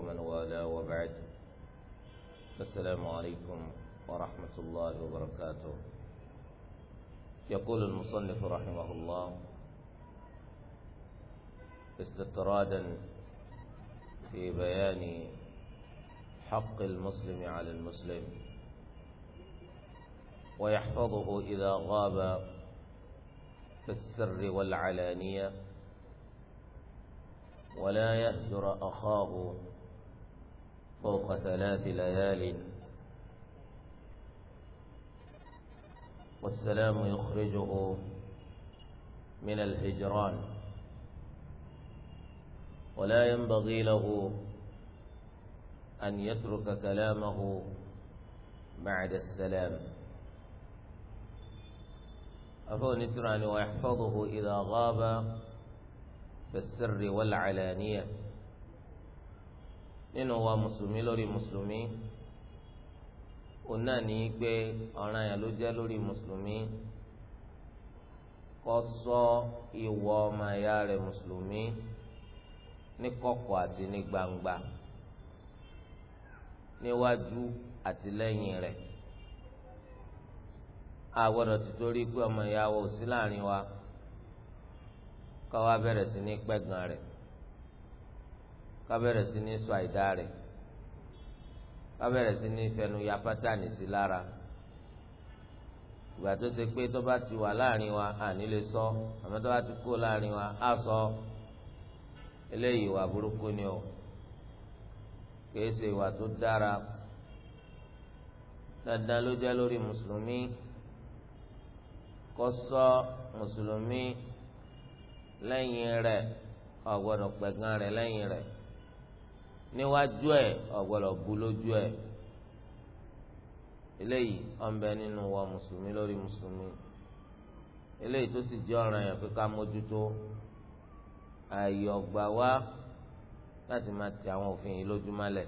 ومن والاه وبعد السلام عليكم ورحمة الله وبركاته يقول المصنف رحمه الله استطرادا في بيان حق المسلم على المسلم ويحفظه إذا غاب في السر والعلانية ولا يهجر أخاه فوق ثلاث ليال والسلام يخرجه من الهجران ولا ينبغي له أن يترك كلامه بعد السلام أفضل تراني ويحفظه إذا غاب في السر والعلانية nínú wa mùsùlùmí lórí mùsùlùmí òun náà ní pé ọ̀ràn yẹn ló jẹ́ lórí mùsùlùmí kó ṣọ́ ìwọ ọmọ ẹ̀yà rẹ̀ mùsùlùmí ní kọ̀kọ̀ àti ní gbangba níwájú àti lẹ́yìn rẹ̀ a gbọ́dọ̀ títorí pé ọmọ ìyá wa sí láàrin wa ká wá bẹ̀rẹ̀ sí ní pẹ́gàn rẹ̀ ká bẹ̀rẹ̀ sí ní sọ àìdá rẹ̀ ká bẹ̀rẹ̀ sí ní fẹnu ya pátánì sí lára ìgbà tó ṣe pé tó bá ti wà láàrin wa àní lè sọ àmọ́ tó bá ti kó láàrin wa á sọ eléyìí ìwà burúkú ni o kìí ṣe ìwà tó dára dandan ló jẹ́ lórí mùsùlùmí kó sọ mùsùlùmí lẹ́yìn rẹ̀ ọ̀gbọ́dọ̀ pẹ̀gàn rẹ̀ lẹ́yìn rẹ̀ níwájú ẹ ọgbọ́dọ̀ bu lójú ẹ eléyìí ọ̀nbẹ nínú wa mùsùlùmí lórí mùsùlùmí eléyìí tó sì jẹ́ ọ̀ràn yẹn pé ká mójútó ààyè ọ̀gbà wa láti máa ti àwọn òfin yìí lójúmọ́lẹ̀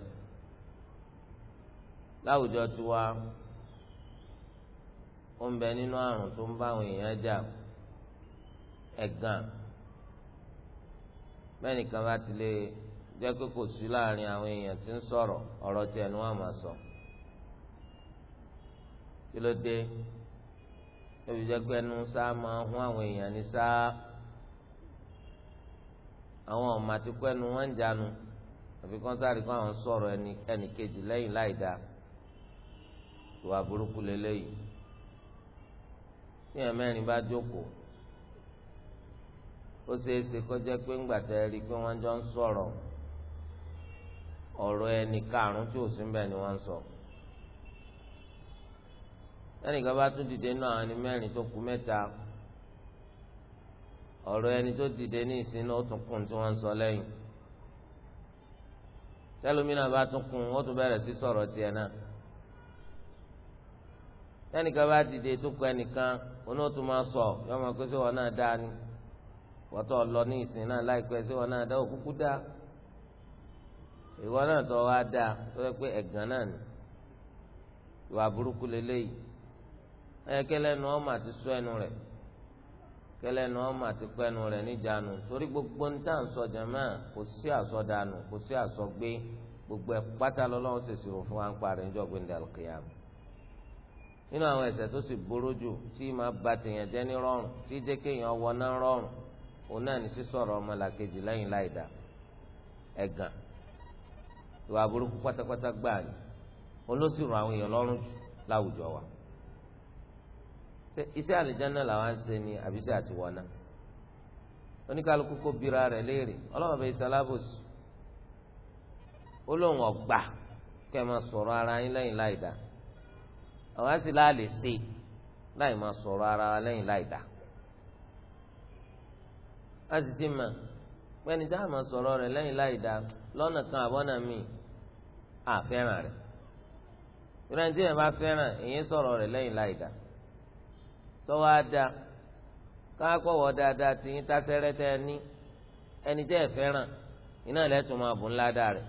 láwùjọ tiwa ó ń nínú àrùn tó ń bá àwọn èèyàn jà ẹ̀gàn mẹ́nìkan bá ti lè jẹ́ pé kò sí láàrin àwọn èèyàn tí ń sọ̀rọ̀ ọ̀rọ̀ tiẹ̀ ni wọ́n á máa sọ. kí ló dé lóbi jẹ́ pé ẹnu sáà máa hún àwọn èèyàn ní sáà àwọn ọmọ àti pé ẹnu wọn ń jánu àfi kán sáré kó àwọn sọ̀rọ̀ ẹnì kejì lẹ́yìn láì dáa ìwà burúkú lélẹ́yìí tíyẹn mẹ́rin bá jókòó ó ṣeé ṣe kó jẹ́ pé ńgbà tẹ́ rí i pé wọ́n jọ ń sọ̀rọ̀ ọ̀rọ̀ ẹni karùn-ún tí ò sí ni wọ́n ń sọ. ẹnìkan bá tún dìde náà ni mẹ́rin tó kù mẹ́ta ọ̀rọ̀ ẹni tó dìde ní ìsinmi ó tún kùn tí wọ́n ń sọ lẹ́yìn. tẹ́lómìnà bá tún kùn ó tún bẹ̀rẹ̀ sí sọ̀rọ̀ tiẹ̀ náà. ẹnìkan bá dìde tó kù ẹnìkan oní tún máa sọ yọmọ pé sí wọn náà dá ni wọ́tọ̀ lọ ní ìsìn náà láìpẹ́ sí wọn náà dá òkúkú ìwọ náà tó wá dáa tó yẹ pé ẹ̀gàn náà ni ìwà burúkú lélẹ́yìí ẹ kẹlẹ́nu ọmọ àti sọ ẹnu rẹ̀ kẹlẹ́nu ọmọ àti pẹ́nu rẹ̀ níjànú torí gbogbo ń tà ń sọ jẹ̀mọ́ kò sí àsọdànù kò sí àsọgbé gbogbo ẹ̀ pátá lọ́lọ́run ṣèṣì rò fún wa ń parí níjọ́ gbẹ̀ndẹ̀ àlùkìyàmù nínú àwọn ẹ̀ṣẹ̀ tó sì burú jù tí máa ba tèèyàn jẹ́ ní rọrùn tí jẹ́ kéèyàn wọná rọrùn òun náà ní sísọ̀rọ̀ ọmọlàkejì lẹ́yìn láìda ẹ̀gàn ìwà burúkú pátápátá gbáà ni olóṣìrò àwọn èèyàn lọ́rùn jù láwùjọ wa iṣẹ́ àlìjáná làwọn ń ṣe ni àbíṣe àti wọná oníkálukú kó bira rẹ̀ léèrè ọlọ́wọ́ bẹ ìsalábòsì ó lóun ọ̀gbà kẹ́ ẹ máa sọ̀rọ̀ ara yín lẹ́yìn láì dá àwa sì láàlè ṣe láì máa sọ̀rọ̀ ara wa lẹ́yìn láì dá sì ti mọ̀ pẹ́ni tá máa sọ̀rọ̀ rẹ̀ lẹ́yìn láì lọ́nà kan àbọ̀nà míì àfẹ́ràn rẹ̀ ìrẹ́ni tí yẹn bá fẹ́ràn èyí sọ̀rọ̀ rẹ̀ lẹ́yìn láìda sọ́wọ́ á káàkọ́wọ́ dáadáa tí yín tásẹ́rẹ́ tẹ́ ní ẹni tẹ́ ẹ fẹ́ràn iná lẹ́tùn máa bùn ládàá rẹ̀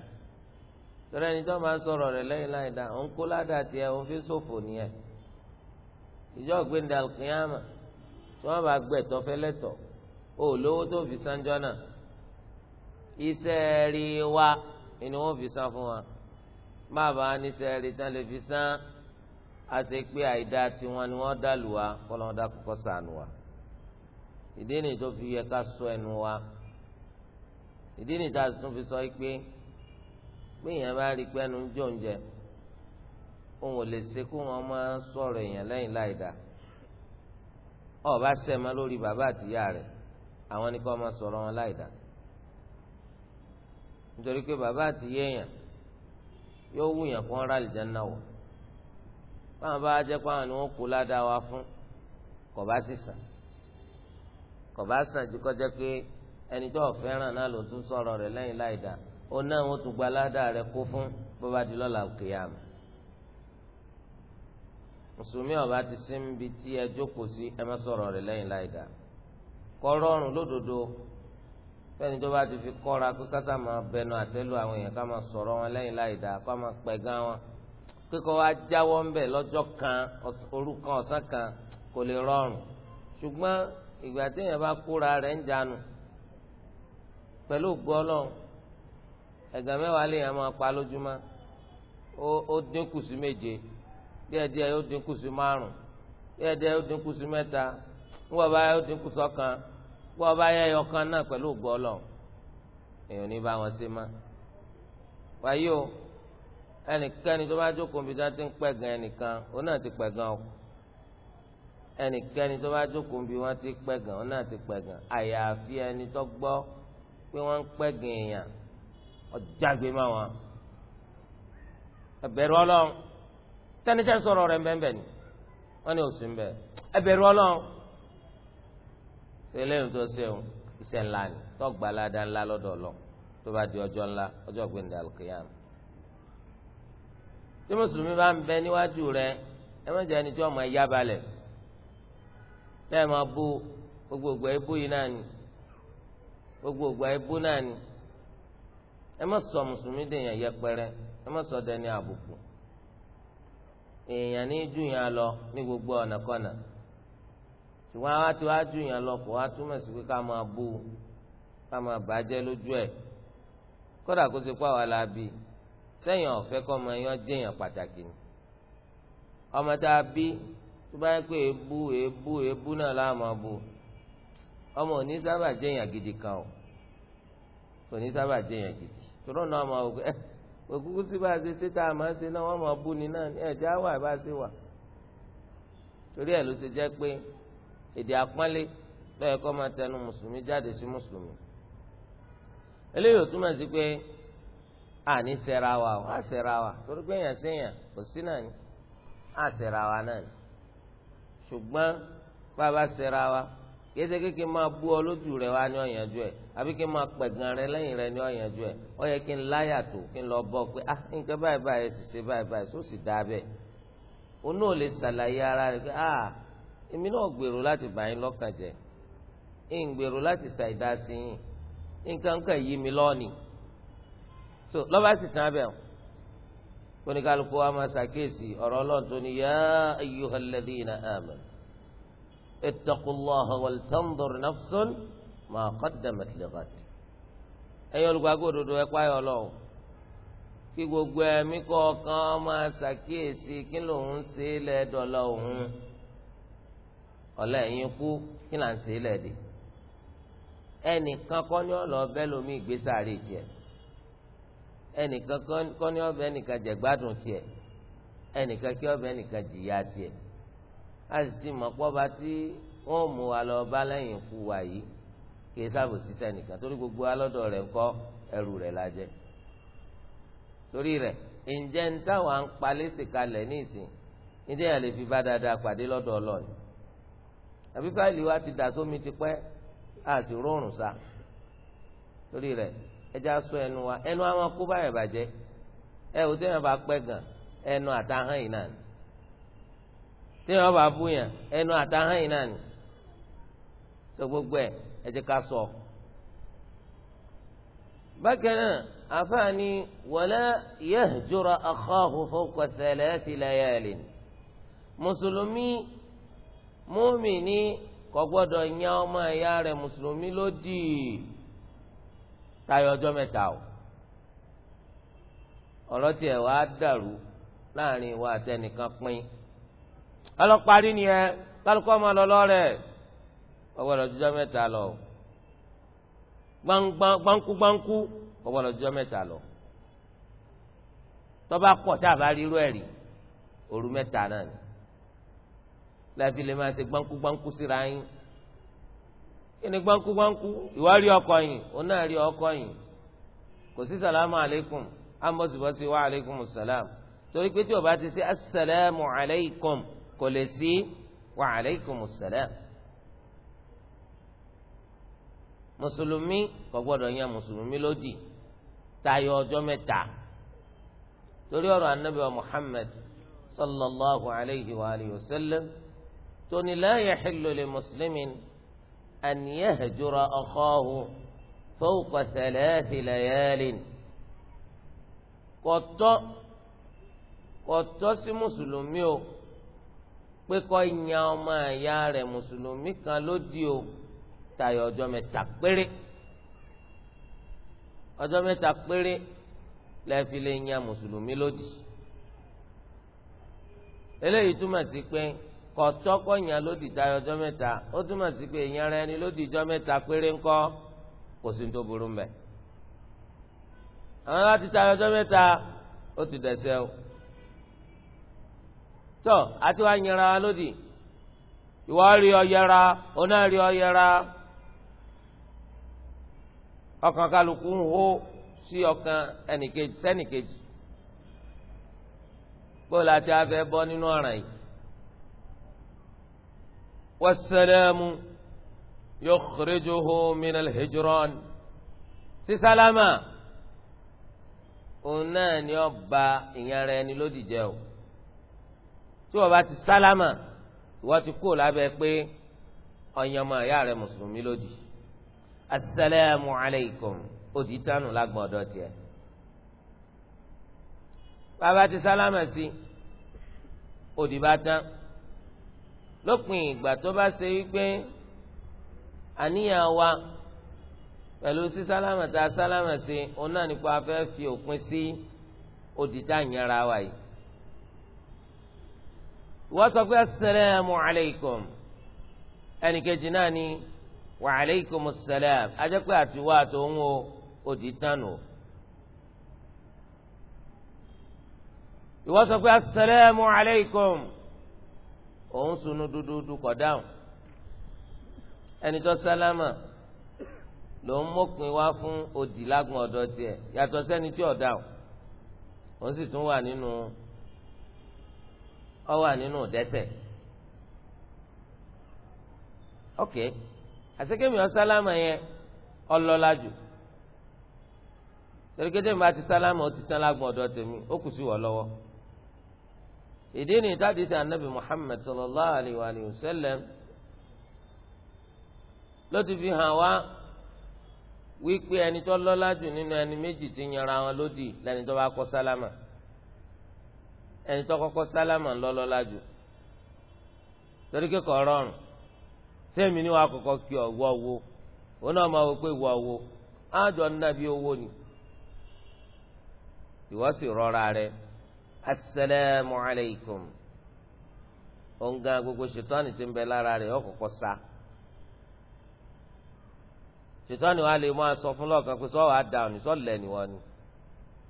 tọ́lá ẹni tó máa sọ̀rọ̀ rẹ̀ lẹ́yìn láìda òun kó ládàá tiẹ̀ òun fi ṣòfò nìyẹn ìjọ gbẹ̀ndà kìámà tí wọ́n bá gbẹ̀ tọ́fẹ́ lẹ́tọ̀ ó lówó tó fi sanjọ́ náà iṣẹ́ rí wa ni wọ́n fi san fún wa. má bàa níṣẹ́ rí tán lè fi sán àṣẹ pé àìdá tiwọn ni wọ́n dàlù wa kọ́lọ́n dá kọ́kọ́ sànù wa ìdí nìyí tó fi yẹ ká sọ ẹnu wa ìdí nìyí tá a tún fi sọ pé bí èèyàn bá rí pé ẹnu ń jò ń jẹ òun ò lè ṣe kó wọn máa sọ̀rọ̀ èèyàn lẹ́yìn láì dáa ọba sẹ́mọ́ lórí bàbá àtìyá rẹ̀ àwọn ni kò máa sọ̀rọ̀ wọn láì nítorí pé bàbá àtìyá èèyàn yóò wù yàn kó ń ra àlìjáná wọ̀ báwọn bá jẹ́ ni wọ́n ládàá wa fún kò bá jikọ sàn jù kọjá pé ẹni tó fẹ́ràn náà ló tún sọ̀rọ̀ rẹ̀ lẹ́yìn láìda náà wọ́n tún gba ládàá rẹ̀ kó fún bó di ọba ti sí tí ẹ jókòó sí ẹ má sọ̀rọ̀ rẹ̀ lẹ́yìn fẹ́ni tó bá ti fi kọ́ra pé kátà máa bẹnu àtẹ́lu àwọn èèyàn ká máa sọ̀rọ̀ wọn lẹ́yìn láì dáa ká máa pẹ̀gàn wọn kíkọ́ wa jáwọ́ ń bẹ̀ lọ́jọ́ kan òru kan ọ̀sán kan kò lè rọrùn ṣùgbọ́n ìgbà tí èèyàn bá kóra rẹ̀ ń jánu pẹ̀lú gbọ́lọ̀ ẹ̀gàn mẹ́wàá lè yàn máa pa lójúmọ́ ó dínkù sí méje díẹ̀díẹ̀ ó dínkù sí márùn díẹ̀díẹ̀ ó dínkù sí mẹ́ta ń wọ̀ báyà ó dínkù sọ́kan. So bọ́ ọba yẹ ọkàn náà pẹ̀lú gbọ́lọ̀ èèyàn ní bá wọn ṣe má. wáyé o ẹnikẹ́ni tó bá jókòó níbi tí wọ́n ti ń pẹ̀gàn ẹnìkan òun náà ti pẹ̀gàn o ẹnikẹ́ni tó bá jókòó níbi wọ́n ti pẹ̀gàn òun náà ti pẹ̀gàn àyàfi ẹni tó gbọ́ pé wọ́n ń pẹ̀gàn èèyàn ọjàgbé má wọn. ẹ̀bẹ̀rù ọlọ́run tẹ́ni sọ̀rọ̀ rẹ̀ ń bẹ́ẹ̀ bẹ́ẹ̀ ni wọ́n ní òsì ń ọlọ́run eléyìí tó sẹ́wọ̀n iṣẹ́ ńlá ni tó gba aláda ńlá lọ́dọ̀ lọ tó bá di ọjọ́ ńlá ọjọ́ gbẹ̀ndẹ̀ alùkìyàm. tí mùsùlùmí bá bẹ níwájú rẹ ẹ má jẹ́ ẹni tí wọ́n máa yá balẹ̀ tẹ́ ẹ máa bú gbogbogbò yìí náà ni gbogbogbò náà ni ẹ má sọ mùsùlùmí sọ dẹni àbùkù èèyàn ní yàn lọ ní gbogbo ṣùgbọ́n àwa tí wàá ju yàn lọ kó wàá túmọ̀ sí pé ká máa bú ká máa bàjẹ́ lójú ẹ̀ kódà kó ṣe pé àwa la bí sẹ́yìn ọ̀fẹ́ kọ́ ọmọ yẹn jẹ́yàn pàtàkì ni ọmọ tá a bí tó bá yẹ pé èébú èébú èébú náà láàmú abú ọmọ òní sábà jẹ́yàn gidi kan o kò ní sábà jẹ́yàn gidi tòró náà máa wò eh, òkúkú tí bá a ṣe ṣe tá a máa ṣe náà wọ́n máa bú ni náà ẹ̀ jẹ́ àwọ̀ àbá ṣe wà torí ẹ̀ ló ṣe jẹ́ pé èdè àpọ́nlé lọ́yẹ̀ kọ́ máa tẹnu mùsùlùmí jáde sí mùsùlùmí. eléyìí ò túmọ̀ sí pé àní sẹ́ra wa ò á sẹ́ra wa torí pé èèyàn séèyàn kò sí náà ni á sẹ́ra wa náà ni. ṣùgbọ́n bàbá sẹ́ra wa kéde kéke máa bú ọ lójú rẹ wá ní ọ̀yànjú ẹ̀ àbí kí n máa pẹ̀gàn rẹ lẹ́yìn rẹ ní ọ̀yànjú ẹ̀ ó yẹ kí n láyà tó kí n lọ bọ́ pé ah nǹkan báyìí báyìí sì ṣe báyìí báyìí sóò sì dáa bẹ́ẹ̀ onú ò lè ṣàlàyé ara rẹ pé ah èmi náà gbèrò láti bà yín lọ́kàn jẹ́ ń gbèrò láti ṣàìdá sí yín nǹkan kan yí mi lọ́ọ̀nì tó lọ́ba sì tán abẹ́ oníkálukú wa máa ṣàkíyèsí ọ̀rọ̀ ọlọ́run tó ní yá ayyuhal ladhina amanu ittaqullaha wal tanzur nafsun ma qaddamat lighad ẹ̀yin olùgbàgbọ́ òdodo ẹ páyọ̀ ọlọ́run kí gbogbo ẹ̀mí kọ̀ọ̀kan máa ṣàkíyèsí kí lòun ṣe é lẹ́dọ̀ọ́ lọ́hùn ọ̀la ẹ̀yin kú kí là ń ṣe lẹ́ẹ̀dì ẹnìkan kọ́ ni ọ̀lọ́ bẹ́ẹ̀ lómi ìgbésàárì tiẹ̀ ẹnìkan kọ́ ni nìkan ẹnìkan jẹ̀gbádùn tiẹ̀ ẹnìkan kí ọbẹ̀ ẹnìkan jìyà tiẹ̀ a sì ti mọ̀ tí wọ́n mú wa lọ bá lẹ́yìn wa yìí gbogbo alọ́dọ̀ rẹ̀ ń kọ́ ẹrù rẹ̀ torí rẹ̀ ǹjẹ́ ń táwọn ń palẹ́sì kalẹ̀ ní ìsìn àbí fáìlì wa ti dà sómi ti pẹ́ a sì rọrùn sa torí rẹ̀ ẹja sọ ẹnu wa ẹnu àwọn kó báyọ̀ bàjẹ́ ẹ ò tẹ́yàn bá pẹ́ gan ẹnu àtàhán yìí náà ni tẹ́yàn bá bú yàn ẹnu àtàhán yìí náà ni sọ gbogbo ẹ ẹ ká sọ. bákan náà àfààní wala yahjura akhahu fawqa thalathi layalin mùsùlùmí múmìnì kò gbọ́dọ̀ yan ọmọ ẹ̀yà rẹ̀ mùsùlùmí lódì tayọ ọjọ́ mẹ́ta o ọ̀rọ̀ tiẹ̀ wá dàrú láàrin ìwà àtẹnìkan pín ọlọ́parí ni ẹ kálukọ́ máa lọ lọ́rẹ̀ ọgbọ́dọ̀ ọjọ́ mẹ́ta lọ gbáǹkú gbáǹkú ọgbọ́dọ̀ ọjọ́ mẹ́ta lọ tọ́ba kọ̀ tá a bá rí irú ẹ̀ rí òru mẹ́ta náà ni láfi lè máa ṣe gbáǹkú gbáǹkú síra yín kí ni gbáǹkú gbáǹkú ìwà rí ọkọ yìí òun náà rí ọkọ yìí kò sí sàlámù alaykum ambosibosi wa alaykum salam torí pé tí o bá ti ṣe asalaamu alaykum kò lè sí wa alaykum salam mùsùlùmí kò gbọdọ̀ yan mùsùlùmí lódì tayọ ọjọ́ mẹ́ta torí ọ̀rọ̀ anabi wa sallallahu alayhi wa sallam tóní la yahillu li muslimin an yahjura akhahu fawqa thalathi layalin kọ̀tọ́ kọ̀tọ́ sí mùsùlùmí o pé kọ́ ìyá ọmọ ẹ̀yà rẹ̀ mùsùlùmí kan ló di o tayọ ọjọ́ mẹ́ta péré ọjọ́ mẹ́ta péré lẹ́ẹ̀fi lè yan mùsùlùmí lódì eléyìí túmọ̀ sí pé kọtọkọ yẹn ló dìda ọjọ́ mẹ́ta ó túmọ̀ sí pé èèyàn ara ẹni ló dìjọ mẹ́ta péré ńkọ́ kò sí tó burú mbẹ. àwọn láti ta ọjọ́ mẹ́ta ó ti dẹ̀sẹ̀ o. tọ́ àti wàá yẹra wa lódì ìwọ rí ọ oná rí ọ ọkàn kálukú ń hó sí ọkàn ẹnìkejì sẹ́nìkejì bó la ti afẹ́ bọ́ nínú ọ̀ràn yìí. والسلام يخرجه من الهجران sí sálámà òun náà ni ó ba ìyẹn rẹ ni lódì jẹ o tí wọn bá ti sálámà ìwọ ti kú lábẹ́ pé ọyànmọ ìyá rẹ mùsùlùmí lódì asalaamu alaykum ó ti dànù lágbọn ọ̀dọ̀ tiẹ̀ bàbá ti sálámà sí òdì bá tán lópin ìgbà tó bá ṣe wípé àníyàn wa pẹ̀lú sí sálámà tá a sálámà sí òun náà nípa afẹ́ fi òpin sí òdìjà ìyẹnra wa yìí. wọ́n sọ pé assalamu alaykum ẹnìkejì náà ni wa alaykum assalam ajẹ́pẹ́ àtiwá àtòun o òdìtánù o. ìwọ́n sọ pé assalamu alaykum òun sunu dúdúdú kọ dáhùn ẹni tó sálámà ló ń mọ̀pin wá fún òdì lágùn ọ̀dọ̀ tiẹ̀ yàtọ̀ sẹ́ni tí ò dáhùn òun sì tún wà nínú ọ wà nínú dẹ́ṣẹ̀ ok àsekèmí ọ yẹn ọlọ́lá torí kété mi bá ti sálámà ó ti tán lágùn ọ̀dọ̀ tèmi ó kù sí wọ́ lọ́wọ́. ìdí ìtàdí ti anabi muhammed sallallahu alayhi wa sallam ló ti fi hàn wá wípé ẹni tó lọ́lá jù nínú ẹni méjì ti yanra wọn lódì lẹni tó bá kọ́ sálámà ẹni tó kọ́kọ́ sálámà ń jù torí sẹ́mi ni ọ wọ́ wo òun náà máa wọ pé wọ́ ni rọra rẹ. asalaamu alaykum ongan gbogbo ṣètọ́ni ti ń bẹ lára rẹ̀ sa ṣètọ́ni wa le máa sọ fún lọ́ọ̀kan pé ni wọ́n ni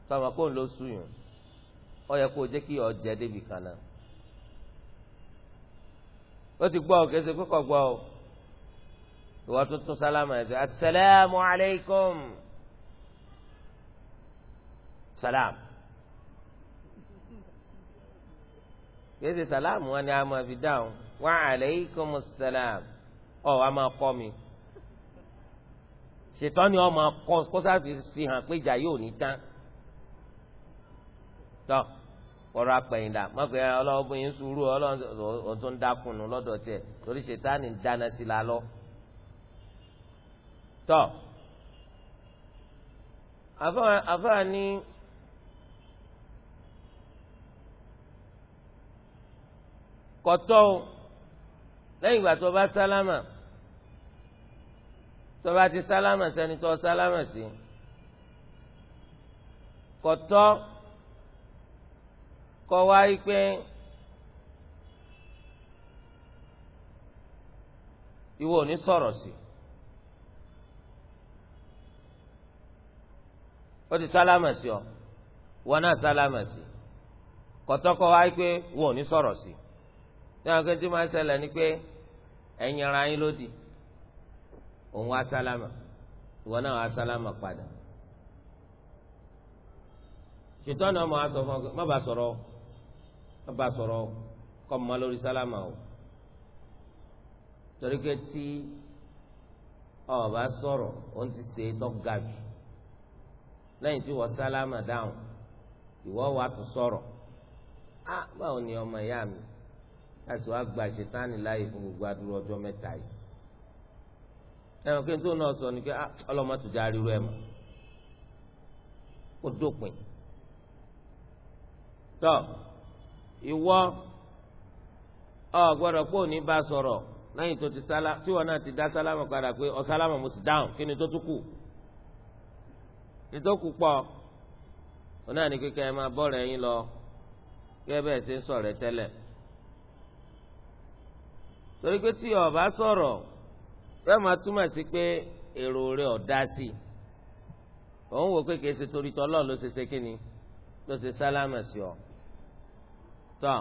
sọ́ọ̀mọ́ kó ń o ọ ti ọ kẹsẹ̀ kókò gbọ́ ọ tuntun salama kéde sàlámù wọn ni a máa fi dáhùn wa alaykum salam ọ wa máa kọ́ mi ṣètọ́ ni ọ máa kọ́ kó sáfi fi hàn pé ìjà yóò ní tán tọ́ kọ́ra pẹ̀yìndà mọ̀kẹ́ ọlọ́ọ̀bùn yín sùúrù ọlọ́ọ̀n tó ń dákùnù lọ́dọ̀ tiẹ̀ torí ṣètánì dáná sí la lọ. tọ́ àfọwọ́ àfọwọ́ ni. kọtọ o lẹ́yìn ìgbà tó bá sálámà tó bá ti sálámà sẹ́ni tó sálámà sí kọtọ kọ wá pé ìwọ ò ní sọ̀rọ̀ sí ó ti sálámà sí ọ wọn náà sálámà sí kọtọ kọ wá pé ìwọ ò ní sọ̀rọ̀ sí ní àwọn kan tí máa ṣẹlẹ̀ ni pé ẹ̀yin ara yín lódì òun wá sálámà ìwọ náà wá sálámà padà ṣètò ọ̀nà ọmọ asọ fún ọ má bàa sọ̀rọ̀ má bàa sọ̀rọ̀ kọ́ mọ́ lórí sálámà o torí pé tí ọ sọ̀rọ̀ òun ti ṣe é jù lẹ́yìn tí wọ́n sálámà dáhùn ìwọ wàá tún sọ̀rọ̀ á ah, báwo ni ọmọ ìyá mi. láti wá gba ṣètánì láàyè fún gbogbo adúrú ọjọ́ mẹ́ta yìí ẹnìkan kí n tó náà sọ ni pé ah, ọlọ́mọ tó dópin ìwọ ọ gbọ́dọ̀ pé òní bá sọrọ lẹ́yìn tó ti sálá náà ti dá sálámà padà pé ọ sálámà mo sì dáhùn kí ni tó tún kù lọ ẹ ṣe ń torí pé tí o bá sọ̀rọ̀ yóò máa túmọ̀ sí pé èrò rẹ̀ ò dá sí i òun wò pé kìí ṣe torí tọ́lọ́ ló ṣe ṣe kíni ló ṣe sálámà sí ọ. tọ́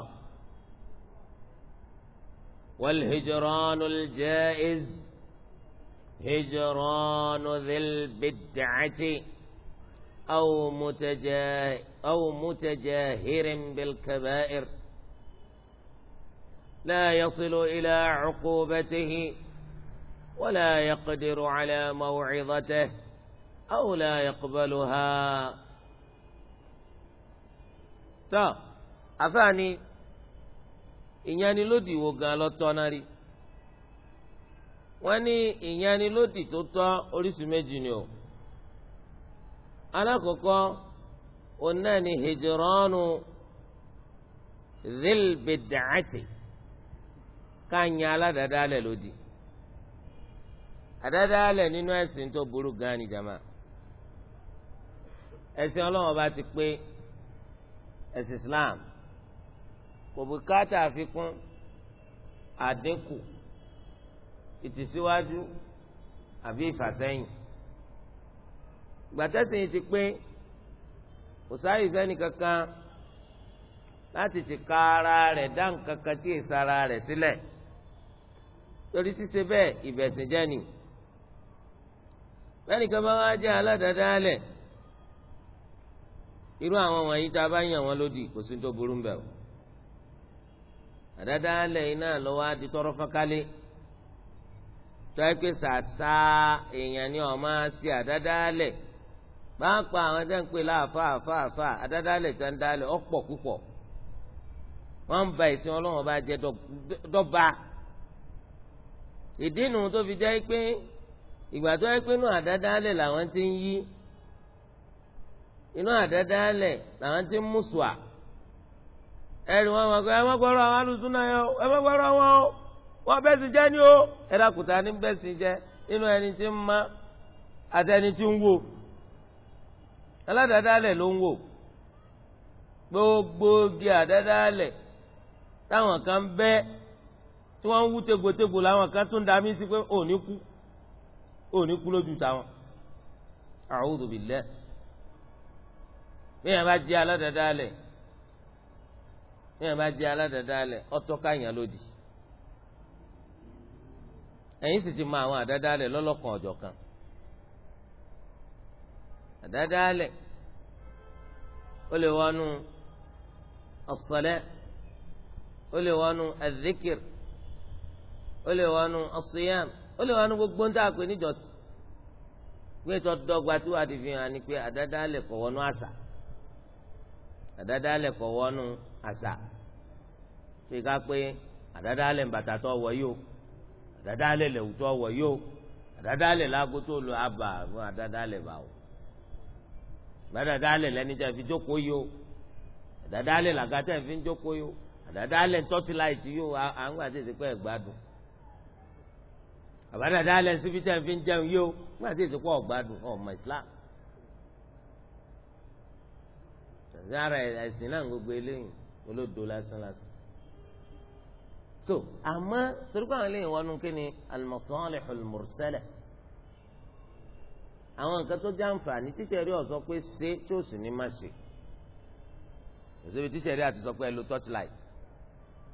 wal hijranu al-jaiz hijranu dhil bid'ati aw mutajahirin bil kaba'ir. لا يصل إلى عقوبته ولا يقدر على موعظته أو لا يقبلها tó àfààní ìyanilódì wo gan lọ́tọ́ náà rí wọ́n ní ìyanilódì tó tọ́ oríṣi méjì ni o alákọ̀ọ́kọ́ òun náà ni hijranu dhil bid'ati ká yan aládàádáalẹ̀ lòdì àdáadáalẹ̀ nínú ẹ̀sìn tó burú gan ni jama ẹ̀sìn ọlọ́run ọba ti pé ẹ̀sìn Islam kò bùkátà àfikún àdínkù ìtìsíwájú àbí ìfàsẹ́yìn gbàtẹ́sìn ti pé kò sáyé ìfẹ́ni kankan láti ti ka ara rẹ̀ dá nǹkan kan tí èsì ara rẹ̀ sílẹ̀. Si torí ṣíṣe bẹ́ẹ̀ ìbẹ̀sìnjẹ́ ni lẹ́nìkan bá wá jẹ́ aládàádáálẹ̀ irú àwọn wọ̀nyí tá a bá yàn wọ́n lódì kò sí tó burú mbẹ́ o àdádáálẹ̀ iná lọ́wọ́ á ti tọrọ fọ́nkálé tọ́yẹ́ pé sàṣà èèyàn ni ọ̀ máa ṣe àdádáálẹ̀ pàápàá àwọn tẹ́ ń pè láàfà àfà àfà àdádáálẹ̀ tẹ́ ń dálẹ̀ ọ̀pọ̀ púpọ̀ wọ́n ń ba ìsìn ọlọ́run bá jẹ́ dọ́ba. Do, do, ìdí nu tó fi jẹ́ pé ìgbà tó yẹ pé inú àdádálẹ̀ làwọn ti ń yí inú àdádálẹ̀ làwọn ti ń ẹ̀rì wọn mọ̀ pé ẹ má gbọ́rọ̀ àwọn náà yọ ẹ má gbọ́rọ̀ wọn o wọn bẹ́ẹ̀ sì jẹ́ ni o ẹ̀rọ àkùtà ní bẹ́ẹ̀ sì jẹ́ inú ẹni tí ń má àti ẹni tí ń wò ló ń wò gbogbo táwọn kan bẹ́ẹ̀ tí wọ́n ń wú tegbòtegbò làwọn kan tó ń dá mi sí pé ò ní kú ò ní kú lójú táwọn a'udhu billah bẹ́ẹ̀ bá jẹ́ aládàáda lẹ̀ bẹ́ẹ̀ bá jẹ́ aládàáda lẹ̀ ọtọ́ káyàn lòdì ẹ̀yin sì ti mọ àwọn àdáda lẹ̀ lọ́lọ́kan ọ̀jọ̀ kan àdáda lẹ̀ ó lè wọnú as ó lè wọnú az ó lè wọnú ọ̀sìyàn ó lè wọnú gbogbo ń dàgbé níjọsìn gbé tó dọ́gba tí wàá di fi hàn ni pé àdádálẹ̀ kò wọnú àṣà àdádálẹ̀ kò wọnú àṣà fi ká pé àdádálẹ̀ bàtà tó wọ̀ yìí o àdádálẹ̀ lẹ̀wù tó wọ̀ yìí o àdádálẹ̀ láago tó lo àbà fún àdádálẹ̀ bá o àdádálẹ̀ lẹ́ni tẹ́ fi jókòó yìí o àdádálẹ̀ làgàtẹ́ fi ń jókòó yìí o àdádálẹ̀ tọ́tìláìtì yìí o àwọn àti ìsìnkú ẹ̀ gbádùn àbádàdà alẹ síbi tẹ fi ń jẹun yóò wọn àti ètò pọ ọgbádùn ọmọ islam ara ẹsìn náà gbogbo eléyìí olódo lásán lásán so àmọ́ torí pé àwọn eléyìí wọnú kí ni al-masalihul mursalah àwọn nǹkan tó já nfààní tíṣẹ̀rí ọ̀sọ́ pé ṣe tí ó sì ní má ṣe kò síbi tíṣẹ̀rí àti sọ pé ẹ lo torchlight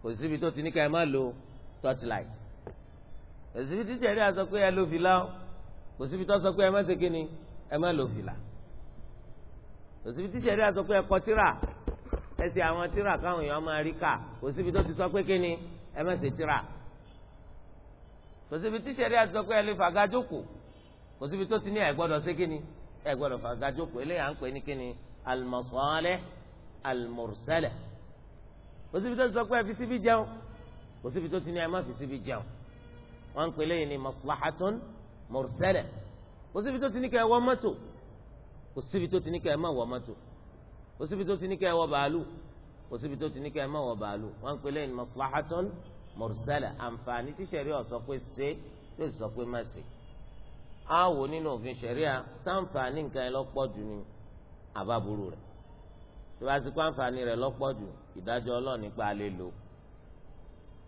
kò síbi tó ti ní ká ẹ má lo torchlight ẹ̀sìn tí sẹ̀rí àsọ pé ẹ lò fìlà o kò síbi tó sọ pé ẹ má ṣe kíni ẹ má lò fìlà kò síbi tí a àsọ pé ẹ kọ tírà ẹ ṣe àwọn tírà káwọn èèyàn máa rí kà kò síbi tó ti sọ pé kíni ẹ má ṣe tírà kò síbi tí sẹ̀rí àsọ pé ẹ lè fàgá jókòó kò síbi tó ti ní ẹ gbọ́dọ̀ ṣe kíni ẹ gbọ́dọ̀ fàgá jókòó eléyà ń pè ní kíni almasalih almursalah kò síbi tó ti sọ pé ẹ fi síbi jẹun kò síbi tó ti ní ẹ má fi síbi jẹun wọ́n ń pè léyìn ní maslahatun mursala kò síbi tó ti ní kẹ́ ẹ wọ mọ́tò kò síbi tó ti ní kẹ́ ẹ má wọ mọ́tò kò síbi tó ti ní kẹ́ ẹ wọ bàálù kò síbi tó ti ní kẹ́ ẹ má wọ bàálù wọ́n ń pè maslahatun mursala àǹfààní tí sẹ̀rí ọ̀sọ́ pé ṣe tí sọ pé má ṣe á wò nínú òfin sẹ̀ríà sáǹfààní nǹkan ẹ lọ́pọ̀ jù ni àbábúrú rẹ̀ tí wàá sì kó àǹfààní rẹ̀ lọ́pọ̀ jù ìdájọ́ ọlọ́ọ̀ nípa alẹ́ lò ó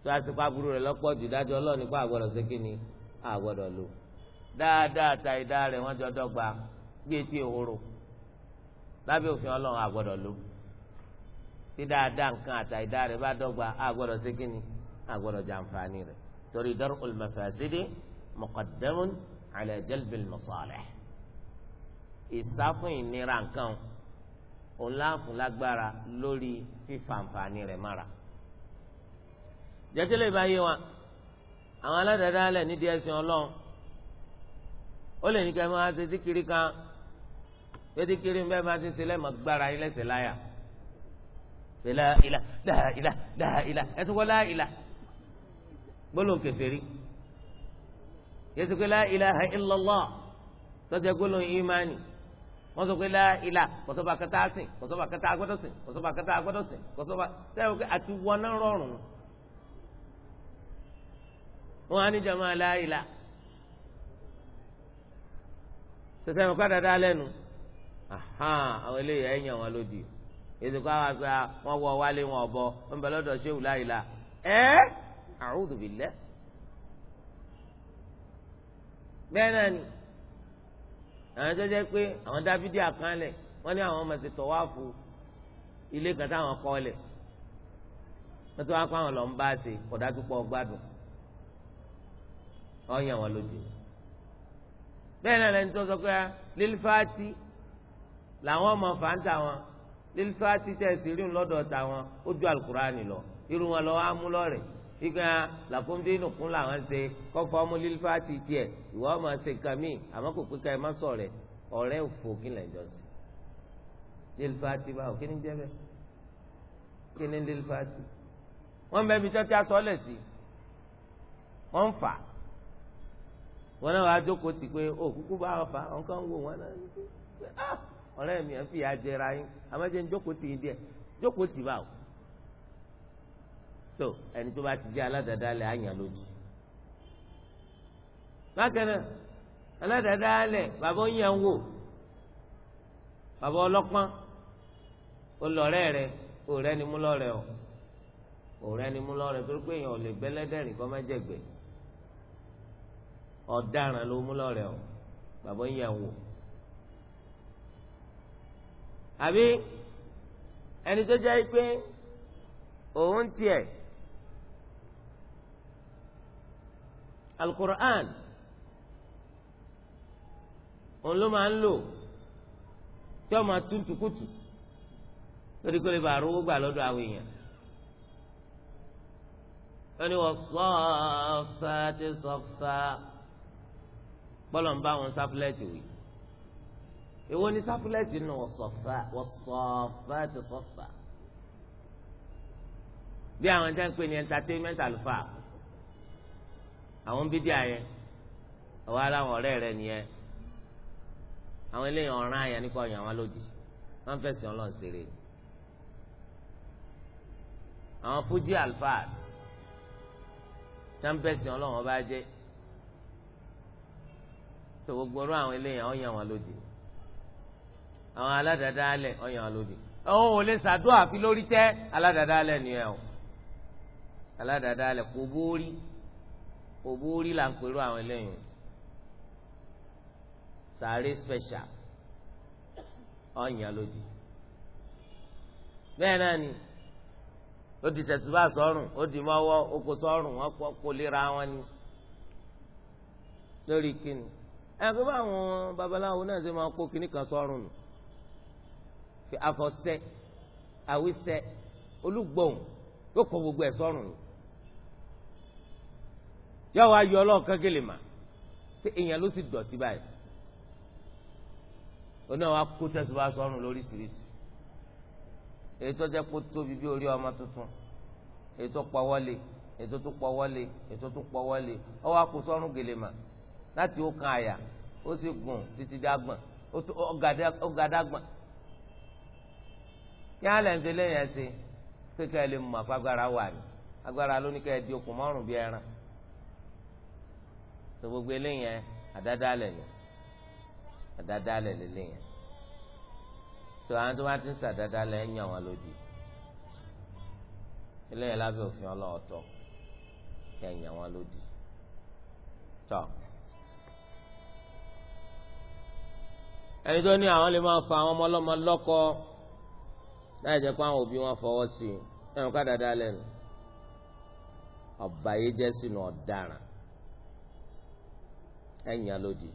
tó àsìkò aburú rẹ̀ lọ́pọ̀ jù dájọ́ ọlọ́ọ̀ni kó àgbọ̀dọ̀ ṣe kí ni àgbọ̀dọ̀ lò dáadáa ta ìdá rẹ̀ wọ́n jọ dọ́gba bí etí ehoro lábẹ́ òfin ọlọ́run àgbọ̀dọ̀ lò tí dáadáa nǹkan àtà ìdá rẹ̀ bá dọ́gba àgbọ̀dọ̀ ṣe kí ni àgbọ̀dọ̀ jàǹfààní rẹ̀ torí darul mafasidi muqaddamun ala ìsáfún ìnira nǹkan jẹtẹlẹ ìbáyé wa àwọn aládàáda lẹ nídìí ẹsìn Ọlọ́run ó lè ní ká máa ṣe díkiri kan pé díkiri bẹ́ẹ̀ máa ti ṣe lẹẹmọ gbára yín lẹ́sẹ̀ láyà ṣe láìla láìla láìla ẹtún kọ láìla gbólóhùn kèfèrí yẹtù pé láìla ha illallah tọjá gbólóhùn ìmánì wọ́n sọ pé láìla kọsọba kẹta sìn kọsọba kẹta agbọdọ sìn kọsọba kẹta agbọdọ sìn kọsọba tẹ ẹ àti wọn náà rọrùn wọn á ní jama aláìlá sọsẹ mi padà dá lẹ́nu àwọn eléyìí ẹ̀yìn àwọn lòdì ètùkọ àwọn àgbà wọn wọ wálé wọn ọbọ wọn bẹ lọ́dọ̀ ṣéwù láìlá ẹ a'udhu billah bẹ́ẹ̀ náà ni àwọn tó jẹ́ pé àwọn dábídì àkànlẹ̀ wọ́n ní àwọn ọmọ ti tọ̀ wá fún ilé kan táwọn kọ́ lẹ̀ wọ́n tó wá pa àwọn lọ́n bá ṣe kọ̀dájú pọ̀ gbádùn ọyàn wọn lódì bẹ́ẹ̀ náà lẹni tó sọ pé lílfàtì làwọn ọmọ fàǹtà wọn lílfàtì tẹsí rí lọ́dọ̀ tà wọn ó ju alukurani lọ irú wọn lọ wá mú lọrẹ ìgbà làkúndé nìkún làwọn ṣe kọ́kọ́ mú lílfàtì tiẹ̀ ìwọ ọmọ ṣe kàmí àmọ́ kò pé ká ẹ má sọ rẹ ọ̀rẹ́ òfòkín lẹjọ sí lílfàtì báwo kí ni jẹ bẹ́ẹ̀ kí ni lílfàtì wọn bẹ ibi tí wọn ti lẹ sí wọn fà á wọn náà wàá jókòó tì pé ó oh, kúkú bá wọn fà wọn ń wò wọn náà ah ọ̀rẹ́ mi ẹ̀ ń fi ìyà jẹra yín àmọ́jẹ́ ń jókòó tì yín díẹ̀ jókòó tì báwò tó ẹni tó bá ti jẹ́ aládàádáalẹ̀ àyàn lójú bákan náà aládàádáalẹ̀ bàbá ń yàn wò bàbá ọlọ́pọ́n olọ́rẹ́ rẹ òrẹ́ ni mú lọ́rẹ́ o òrẹ́ ni torí pé èèyàn ò lè bẹ́lẹ́dẹ̀rìn kọ́ má ọ̀daràn ló mú lọ́rẹ̀ o bàbá ń yàn wò. àbí ẹni tó jẹ́ pé òun tiẹ̀ alukur'an òun ló máa ń lò tí ó máa tún tukutu lórí kó lè bàa rówó gbà lọ́dọ̀ àwọn èèyàn wọ́n ní wọ́n sọ́ọ́ fà ti sọ́ọ́ fà bọ́lọ̀ ń bá wọn sáfúlẹ́ẹ̀tì wì èwo ni sáfúlẹ́ẹ̀tì nù wọ́sọ̀fà ti sọ̀fà bí àwọn jẹ́ ń pè ní entertainment alfa àwọn bídíà yẹn àwọn aláwọ̀ ọ̀rẹ́ rẹ nìyẹn àwọn eléyìí ọ̀ràn àyàn nípa ọ̀yàn wọn lòdì wọn fẹ̀sìn ọlọ́run ṣeré àwọn fújì alfaas tí wọn fẹ̀sìn ọlọ́run ọba jẹ́ tó gbogbo ọ̀rọ̀ àwọn eléyàn ọ̀yàn wọn lòdì àwọn aládàáda alẹ̀ ọ̀yàn wọn lòdì ọ̀hún ò lè ṣàdúrà àfi lórí tẹ́ aládàáda alẹ̀ nìyẹn o aládàáda alẹ̀ kò bóórí kò bóórí là ń pèrò àwọn eléyàn sàárè special ọ̀yàn lòdì bẹ́ẹ̀ náà ni ó di tẹ̀síbà sọ́rùn ó di mọ́wọ́ oko sọ́rùn wọ́n kò lè ra wọn ni lórí kíni ẹ̀rọ bá àwọn babaláwo náà ṣe máa kó kinní kan sọ́run nù fi afọ̀sẹ́ àwísẹ́ olúgbọ̀n yóò kó gbogbo ẹ̀ sọ́run nù yóò wá yọ ọlọ́ọ̀kan gèlè mà pé èèyàn ló sì dọ̀tí báyìí oní àwọn akó tẹ̀síwá sọ́run lóríṣiríṣi èyí tó jẹ́ kó tóbi bí orí ọmọ tuntun èyí tó pọ̀ wọlé èyí tó tún pọ̀ wọlé èyí tó tún pọ̀ wọlé ọwọ́ akó sọ́run gèlè mà. láti ọkàn àyà ó sì gùn títí dágbọ̀n ó ga dágbọ̀n kí á lè fi lẹ́yìn ẹsẹ̀ kékeré lè mọ àpagbára wà ní agbára lóníkẹ́ ẹ̀dí okùn márùn bí ẹran tó gbogbo eléyìn àdádálẹ̀ ni àdádálẹ̀ lélẹ́yìn tó àwọn tó bá ti ń sàdádálẹ̀ ẹ̀ yàn wọn lódì eléyìn lábẹ́ òfin ọlọ́ọ̀tọ̀ kẹ̀ yàn wọn lódì ẹni tó ní àwọn lè máa fa àwọn ọmọ ọlọ́mọ lọ́kọ láì jẹ́ pé àwọn òbí wọn fọwọ́ sí i ẹ̀rùn ká dáadáa lẹ́nu ọ̀bà yìí jẹ́ sínú ọ̀daràn ẹ̀yìn alódì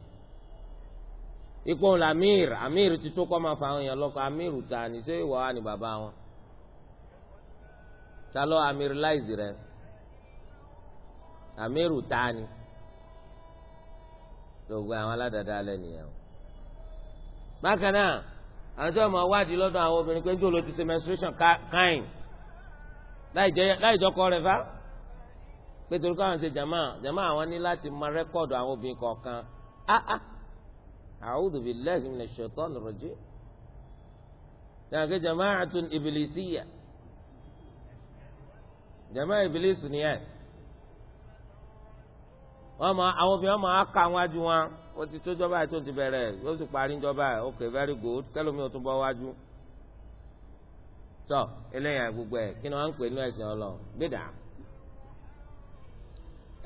ipò ńlá amir amir ti tó kọ́ máa fa àwọn èèyàn lọ́kọ amir ta ni ṣé ìwọ wa ni bàbá wọn ta ló amir láìsí rẹ amir ta ni gbogbo àwọn aládàáda lẹ́nu yẹn o bákan náà àwọn tí wọ́n máa wádìí lọ́dọ̀ àwọn obìnrin pé njó ló ti ṣe menstruation kain láì jọkọ rẹ̀ fa pé torí káwọn ṣe jàmá jàmá àwọn ní láti máa rẹ́kọ̀dù àwọn obìnrin ah, áá ah. a'udhu billahi minash shaitanir rajim jàǹkẹ́ jama'atun ibilisiyya jàmá ìbílísù nìyẹn wọ́n máa àwọn obìnrin máa ka wájú wọn ó ti tó jọba yìí tó ti bẹ̀rẹ̀ yóò sì parí jọba yìí ok very good kẹlòmí ò tún bọ́ wájú. tọ́ eléyà gbogbo ẹ̀ kí ni wọ́n ń pè ní ẹ̀sìn ọlọ gbéda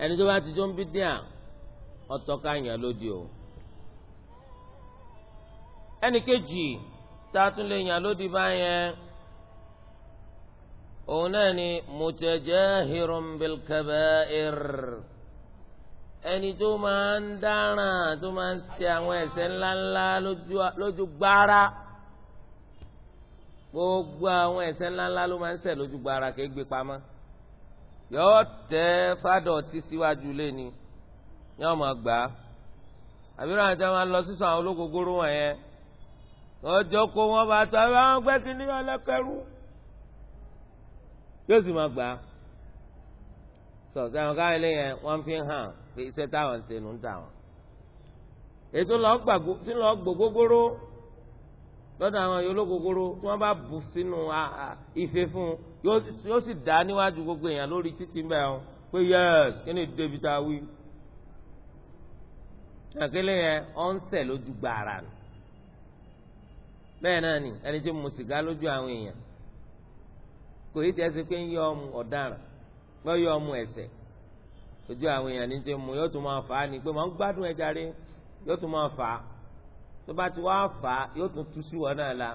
ẹni tó bá ti jó ń bí díà ọ̀tọ̀ káyàn lódì o ẹnì kejì tá a tún lè yàn lódì báyẹn òun náà ni mùtẹ̀jẹ́ hìrùmbìlkẹ́bẹ́ ẹ̀rọ ẹni tó máa ń dáràn tó máa ń ṣe àwọn ẹ̀ṣẹ̀ ńláńlá lójú gbára gbogbo àwọn ẹ̀ṣẹ̀ ńláńlá ló máa ń ṣẹ̀ lójú gbára kì í gbé pamọ́ yọọ tẹ fádọtí síwájú lẹni yọọ máa gbà á àbúrò àti àwọn lọ sísọ àwọn olókogoro wọn yẹn ọjọ́ kó wọn bá tó àwọn gbẹ́kìnní ọlẹ́kẹ́rú yóò sì máa gbà á sọ̀tàn káyọ̀ lẹ́yìn wọ́n fi hàn pé iṣẹ́ táwọn ń ṣe nù ń tà wọ́n. ètò tí lọ́ọ́ gbò gógóró lọ́dọ̀ àwọn yòó lógógóró tí wọ́n bá bù sínú ife fún un yóò sì dá níwájú gbogbo èèyàn lórí títí bẹ́ẹ̀ o pé yẹ́s kí ni débi tá a wí. àkélé yẹn ọ̀ ń sẹ̀ lójú gbàrà nù. bẹ́ẹ̀ náà ni ẹni tí mu sìgá lójú àwọn èèyàn kò yí tiẹ̀ sí pé ń yọ ọmọ ọ̀daràn lọ́ yọ ọmọ ẹ̀sẹ̀ ojú àwọn èèyàn ní ti mú yóò tún máa fà á ní pé màá ń gbádùn ẹ jàre yóò tún máa fà á tó bá ti wá fà á yóò tún tú sí wọn náà la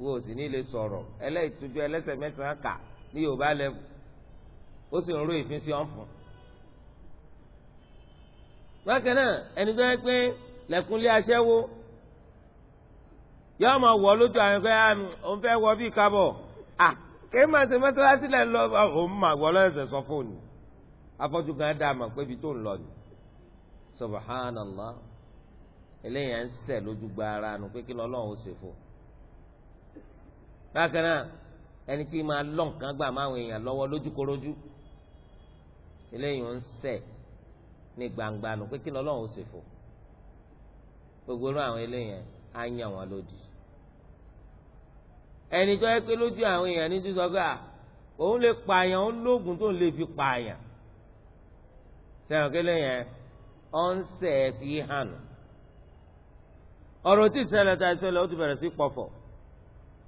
wo ò sì ní lè sọ̀rọ̀ ẹlẹ́ìtújú ẹlẹ́sẹ̀ mẹ́sàn-án kà ní yorùbá lẹ́bù ó sì ń ró ìfín sí ọ̀fun. bákan náà ẹni tó yẹ pé lẹ́kúnlé aṣẹ́wó yóò máa wọ̀ lójú àwọn ẹgbẹ́ ah, òun fẹ́ wọ bí kábọ̀ à kéèmà ti mọ́sálásí lẹ́nu lọ́wọ́ òun afọ́jú gan dá a mọ̀ pé ibi tó ń lọ ni subhanallah eléyà ń sẹ̀ lójú gba ara nu pé kí lọ́lọ́run ó ṣe fún un. bákan náà ẹni tí máa lọ nǹkan gbà máwọn èèyàn lọ́wọ́ lójúkorojú eléyà ń sẹ̀ ní gbangba nu pé kí lọ́lọ́run ó ṣe fún un. gbogbo irú àwọn eléyà á yàn wọn lòdì. ẹni tó pé lójú àwọn èèyàn ní sísọ òun lè pààyàn òun lóògùn tó lè fi pààyàn sẹ́yìn kele yẹn ọ̀nsẹ̀ fi hàn ọ̀rọ̀ tí ìṣẹ̀lẹ̀ ta ìṣẹ̀lẹ̀ ó ti bẹ̀rẹ̀ sí pọ̀fọ̀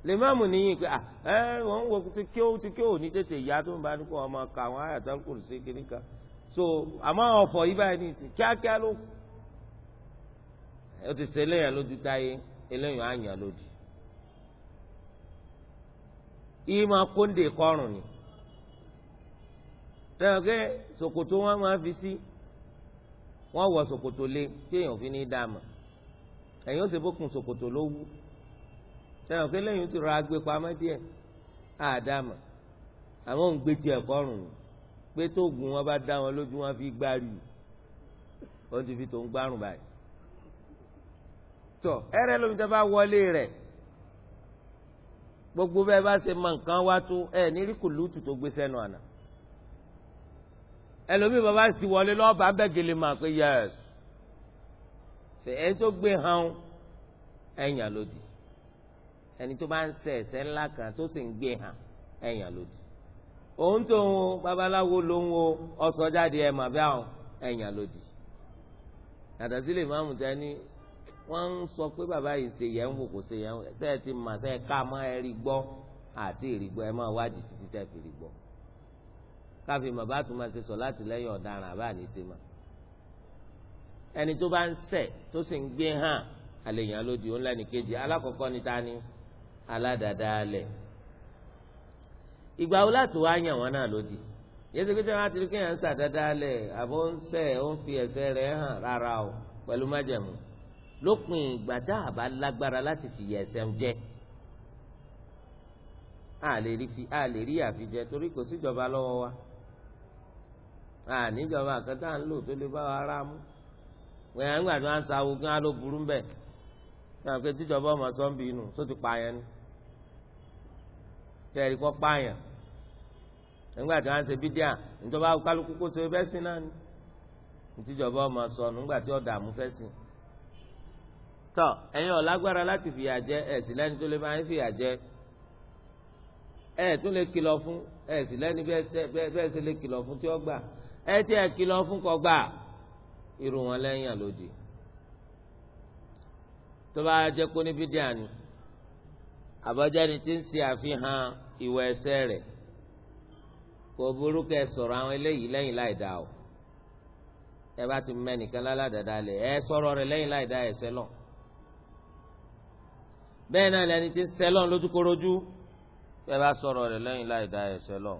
lèmọ́ọ̀mù nìyí pé ah, ẹ wọ́n ń wo ti kí ó ti kí ó ní tètè ìyá tó ń bá nípa ọmọ ká àwọn àyàtọ̀ kùrù sí kiri kan so àmọ́ ọ̀fọ̀ yìí báyìí ní ìsìn kíákíá ló kù ó ti ṣe eléyàn lójú táyé eléyàn á yàn lódì ìmọ̀ kóńdé kọrùn ni tẹ́wọ̀n pé ṣòkòtò wọn máa fi sí wọ́n wọ ṣòkòtò lé tí èèyàn fi ní dààmú ẹ̀yìn ó ti bókun ṣòkòtò ló wú tẹ́wọ̀n pé lẹ́yìn ti rọ agbe pamọ́ díẹ̀ á dààmú àwọn òun gbé tiẹ̀ kọ́rùn pé tó gùn wọn bá dá wọn lójú wọn fi gbárí wọn ti fi tó ń gbárùn báyìí tọ ẹrẹ lómi tó bá wọlé rẹ̀ gbogbo bẹ́ẹ̀ bá ṣe mọ nǹkan wá tó ẹ ní tó gbé sẹ́nu àná ẹlòmíì bàbá sì wọlé lọ́ọ̀bà bẹ́gẹ̀lẹ̀ mà pé yẹs ẹni tó gbé hàn ẹ̀yàn lòdì ẹni tó bá ń ṣe ẹ̀ṣẹ̀ ńlá kan tó sì ń gbé hàn ẹ̀yàn lòdì òun tó ń wo babaláwo ló ń wo ọ̀sọ́jáde ẹ̀ mà bí àwọn ẹ̀yàn lòdì yàtọ̀ sílẹ̀ ìmáàmù tẹ́ wọ́n ń sọ pé bàbá yìí ṣe yẹn ń wò kò ṣe yẹn ń wò ṣe é ti mà ṣe ká mọ́ rí gbọ́ àti ìrìgbọ́ ẹ máa wádìí títí tẹ́ fi rí gbọ́ káfí mọ̀ bá tún máa ṣe sọ láti lẹ́yìn ọ̀daràn àbá àníṣe mọ́ ẹni tó bá ń ṣẹ̀ tó sì ń gbé hàn àlèyàn lódì ńlá ní alákọ̀ọ́kọ́ ni ta ni aládàádáalẹ̀ ìgbà wo láti wá yàn wọn náà lódì yéésì pété wọn ti rí kéèyàn ń ṣàdádálẹ̀ àbó ń ṣẹ̀ ó ń fi ẹ̀ṣẹ̀ rẹ̀ hàn rárá o pẹ̀lú májẹ̀mú lópin ìgbà àbá lágbára láti fi ẹ̀ṣẹ̀ ń jẹ́ a lè rí àfijẹ́ torí kò síjọba lọ́wọ́ wa. àníjọba àkàtà ń lò tó lè bá wa rà mú wẹ́n àgbà tí wọ́n á sa ogun ló burú mbẹ́ sọ̀rọ̀ pé tíjọba ọmọ inú tó ti pààyàn ni tẹ̀rí kọ́ pààyàn nígbà tí wọ́n ṣe bídíà níjọba kálukú kó ṣe fẹ́ sí náà ni tíjọba ọmọ sọ nígbà tí ọ̀dà mú fẹ́ sí. bẹ́ẹ̀ ṣe lè kìlọ̀ fún ẹ tí ẹ kìlọ̀ fún kọgbà irú wọn lẹ́yìn àlòdì tó bá jẹ́ kó ní bídíà ni àbájáde tí ń ṣe àfihàn ìwà ẹ̀ṣẹ̀ rẹ̀ kò burú kẹ́ sọ̀rọ̀ àwọn eléyìí lẹ́yìn láì dá o ẹ bá ti mẹ́nìkan lálàdàdà lẹ̀ ẹ sọ̀rọ̀ rẹ̀ lẹ́yìn láì dá ẹ̀ṣẹ̀ lọ bẹ́ẹ̀ náà lẹni tí ń sẹ́lọ̀ lójúkorojú ẹ bá sọ̀rọ̀ rẹ̀ lẹ́yìn láì dá ẹ̀ṣẹ̀ lọ.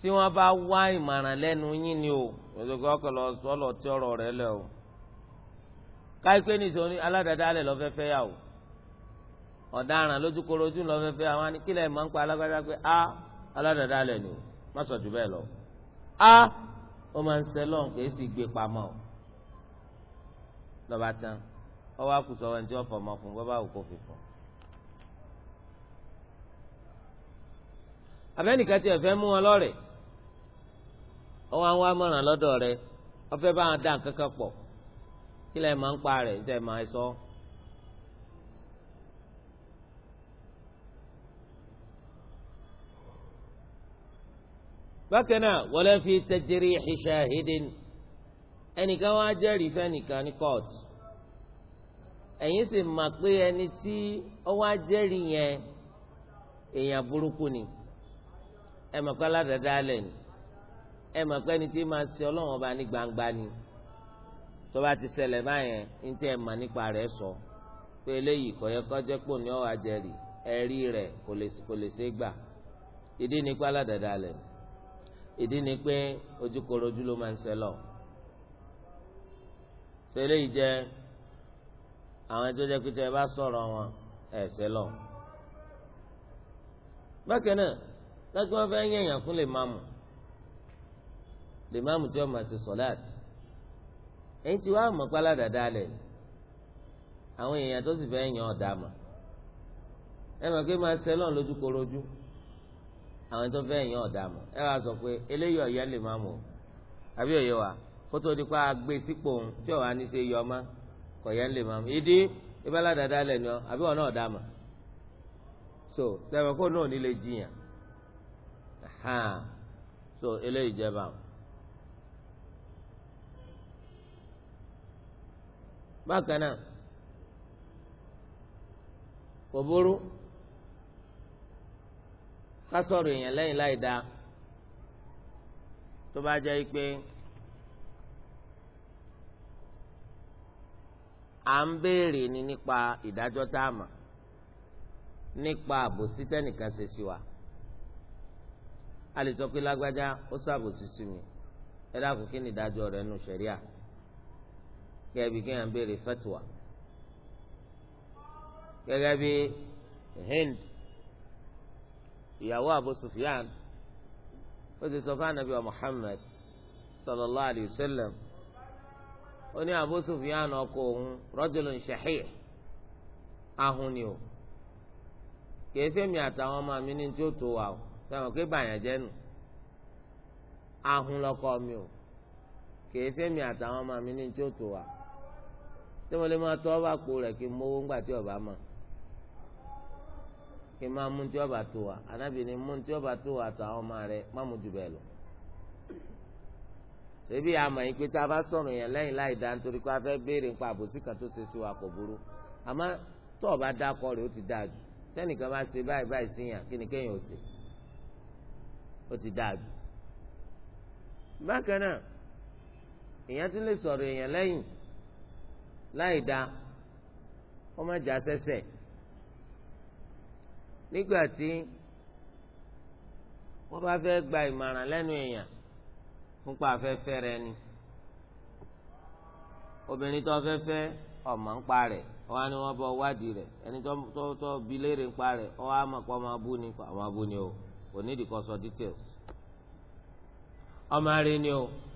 tí wọ́n bá wá ìmọ̀ràn lẹ́nu yín ni o òṣèlú ọkọ̀ lọ sọ́lọ̀ tí ọ̀rọ̀ rẹ lẹ̀ o káyipé nítorí aládàáda alẹ̀ lọ́fẹ́ fẹ́ yà o ọ̀daràn lójúkorojú lọ́fẹ́ fẹ́ àwọn anìkílẹ̀ máa ń pa alágbádá pé a aládàáda alẹ̀ ni o má sọ jù bẹ́ẹ̀ lọ a ó máa ń sẹ lọ́n kì í sì gbé pamọ́ o lọ́ba tán ọwọ́ àkùsọ̀ wọn tí wọ́n fọmọ fún bọ́ bá òkú abẹ́nìkan tiẹ̀ fẹ́ mú wọn lọ́rẹ̀ẹ́ ọwọ́ àwọn amọ̀ràn lọ́dọ̀ rẹ ọfẹ́ bá wọn dá nǹkan kan pọ̀ kí lẹ́ẹ̀ máa ń pa rẹ̀ máa sọ. bákan náà wọlé fi tẹjẹrí ṣahidin ẹnìkan wá jẹ́rìí fẹ́nìkan ní kóòtù ẹ̀yin sì mọ̀ pé ẹni tí ó wá jẹ́rìí yẹn èèyàn burúkú ni ẹ̀ ẹ mọ̀ pé ẹni tí máa ṣe ọlọ́run ọba ní gbangba ni tó bá ti ṣẹlẹ̀ báyẹn ní tí ẹ mọ̀ nípa rẹ̀ sọ pé eléyìí kò yẹ kó jẹ́ pò ní ọ̀wà jẹ̀rì ẹ̀rí rẹ̀ kò lè ṣe gbà ìdí ni pé aládàáda lẹ̀ ìdí ni pé ojúkorojú ló máa ń ṣe lọ. tó eléyìí jẹ́ àwọn tó jẹ́ pé ẹ bá sọ̀rọ̀ wọn ẹ̀ ṣe lọ. bákan náà lọ́gbọ́n fẹ́ yẹ̀yàn fún lè máa mú lè tí wọ́n ma ṣe sọ̀láàtì ẹ̀yìn tí wàá mọ̀ pálá dáadáa lẹ̀ àwọn èèyàn tó sì fẹ́ yàn ọ̀dà mà ẹ mọ̀ pé ṣe lọ́n lójú korojú àwọn tó sọ pé eléyìí ọ̀yẹ́ àbí wa tó di pa gbé sípò tí ní yọ ìdí ọ àbí wọn náà so kó náà ní jiyàn so eléyìí bákan náà kò burú ká sọ̀rọ̀ èèyàn lẹ́yìn láì dáa tó bá jẹ́ pé à ń béèrè ni nípa ìdájọ́ tá a mọ̀ nípa àbòsí tẹ́nìkan ṣe sí wa a lè sọ pé lágbájá ó ṣàbòsí sí mi ẹ dákun kí ni ìdájọ́ rẹ̀ nù ṣẹ̀ríà. gẹ́gẹ́ bí kéèyàn béèrè fatwa gẹ́gẹ́ bí Hind ìyàwó Abu Sufyan ó ti sọ fún anabi wa Muhammad sallallahu alayhi wa sallam ó ní Abu Sufyan ọkọ òun rajulun shahih ahun ni o ka ife àtàwọn ọmọ mi ní tí ó tó wa o sọ̀rọ̀ pé bàyàn jẹ́ nù ahun lọkọ mi o kìí fẹ́mi àtàwọn ọmọ mi ní tí ó tó wa o. tí mo lè máa tọ́ ọ́ bá po rẹ̀ kí n mówó ńgbà tí ọba mọ̀ kí n máa mú tí ọba tó wa anábì ni mú tí ọba tó wa tó àwọn ọmọ rẹ má mú jù bẹ́ẹ̀ lọ. ṣebí àmọ̀ yìí pé tá a bá sọ̀rọ̀ yẹn lẹ́yìn láì dá nítorí pé a fẹ́ béèrè nípa àbòsí kan tó ṣe sí wa kò burú àmọ́ tó ọba dákọ rẹ̀ ó ti dáa jù tẹ́nìkan bá ṣe báyìí báyìí síyàn kí ni kéèyàn ò ṣe ó ti dáa jù. bákan náà èèyàn tún lè sọ̀rọ̀ láì dá wọ́n má jà sẹ́sẹ̀ nígbà tí bá fẹ́ gba ìmọ̀ràn lẹ́nu èèyàn nípa afẹ́fẹ́ rẹ ni obìnrin tó fẹ́ fẹ́ ń pa rẹ̀ ni wọ́n bọ wádìí rẹ̀ ẹni tó bi léèrè ń pa rẹ̀ ọwọ́ àmọ̀pọ̀ ni o kò sọ details ọmọ ni o.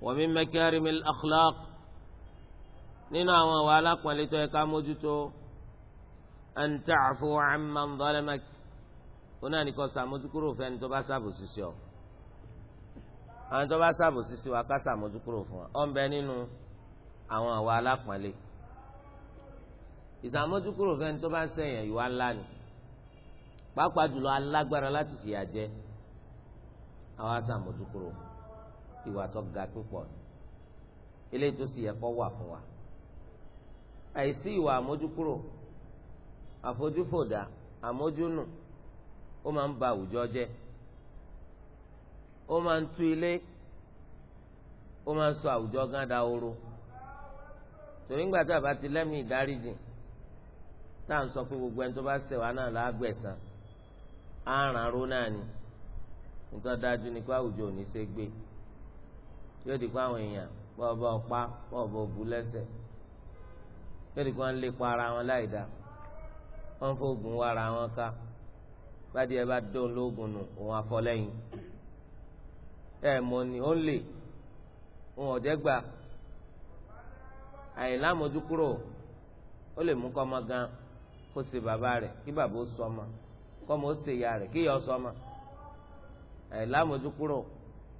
wa min makarimil akhlaq nínú àwọn àwọn alápọ̀nlẹ́tọ̀ ẹ̀ka mójútó an ta'fu amman zalamak wọn náà nìkan sàmójúkúrò fẹ́ni tó bá sàbòsí sí ọ àwọn tó bá sàbòsí sí wa ká sàmójúkúrò fún wa ọ̀ ń bẹ nínú àwọn àwọn alápọ̀nlẹ́ ìsàmójúkúrò fẹ́ni tó bá sẹ̀yìn ìwà ńlá ni pàápàá jùlọ alágbára láti fìyà jẹ àwọn asàmójúkúrò fún ìwà tó ga púpọ̀ eléyìí tó sì yẹ kó wà fún wa àìsí ìwà àmójúkúrò àfojúfòdà àmójúnù ó máa ń ba àwùjọ je ó máa ń tú ilé ó máa ń sọ àwùjọ gán dahoro torí ńgbà a ti lẹ́mìí ìdáríjì tá à ń sọ pé gbogbo ẹni tó bá ṣẹ̀ wá náà lágbẹ̀san àràn ró náà ni nítorí dájú ni pé yóò di kó àwọn èèyàn ọ̀pá bọ́ọ̀bọ́ òbú lẹ́sẹ̀ yóò di kó ara wọn láì dá wọn fóògùn wá ara wọn ká ẹ bá dó ni ó ń lè òun lè mú ọmọ gan kó bàbá rẹ̀ kí bàbá ó sọ ọmọ kọ́ ọmọ kí sọ ọmọ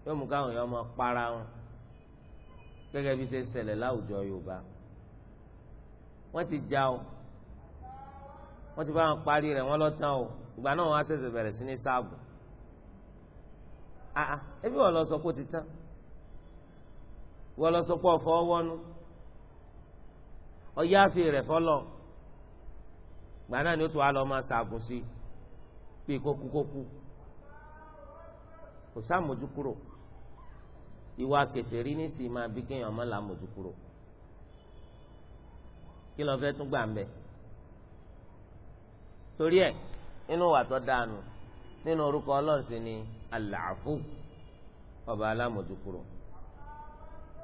yóò mú káwọn èèyàn máa para wọn gẹ́gẹ́ bí ṣe ń láwùjọ yorùbá wọ́n ti já o wọ́n ti bá wọn parí rẹ̀ wọ́n lọ́tàn o ìgbà náà wọ́n á ṣẹ̀ṣẹ̀ bẹ̀rẹ̀ sí ní sáàbù àà ẹbí wọ́n lọ sọ pé ó ti tán wọ́n lọ sọ pé ọ̀fọ̀ wọ́nú ọ̀yáàfin rẹ̀ fọlọ́ ìgbà náà ni ó tún wá lọ máa ṣàgùn sí bíi kókúkókú kò sáà mójú kúrò ìwà kẹfẹ́rí ní sì máa bí kéèyàn má làmójú kúrò kí lọ́n fẹ́ tún gbà ń bẹ̀. torí ẹ̀ nínú wà tó dànù nínú orúkọ ọlọ́run sì ni àlàáfù ọba alámójú kúrò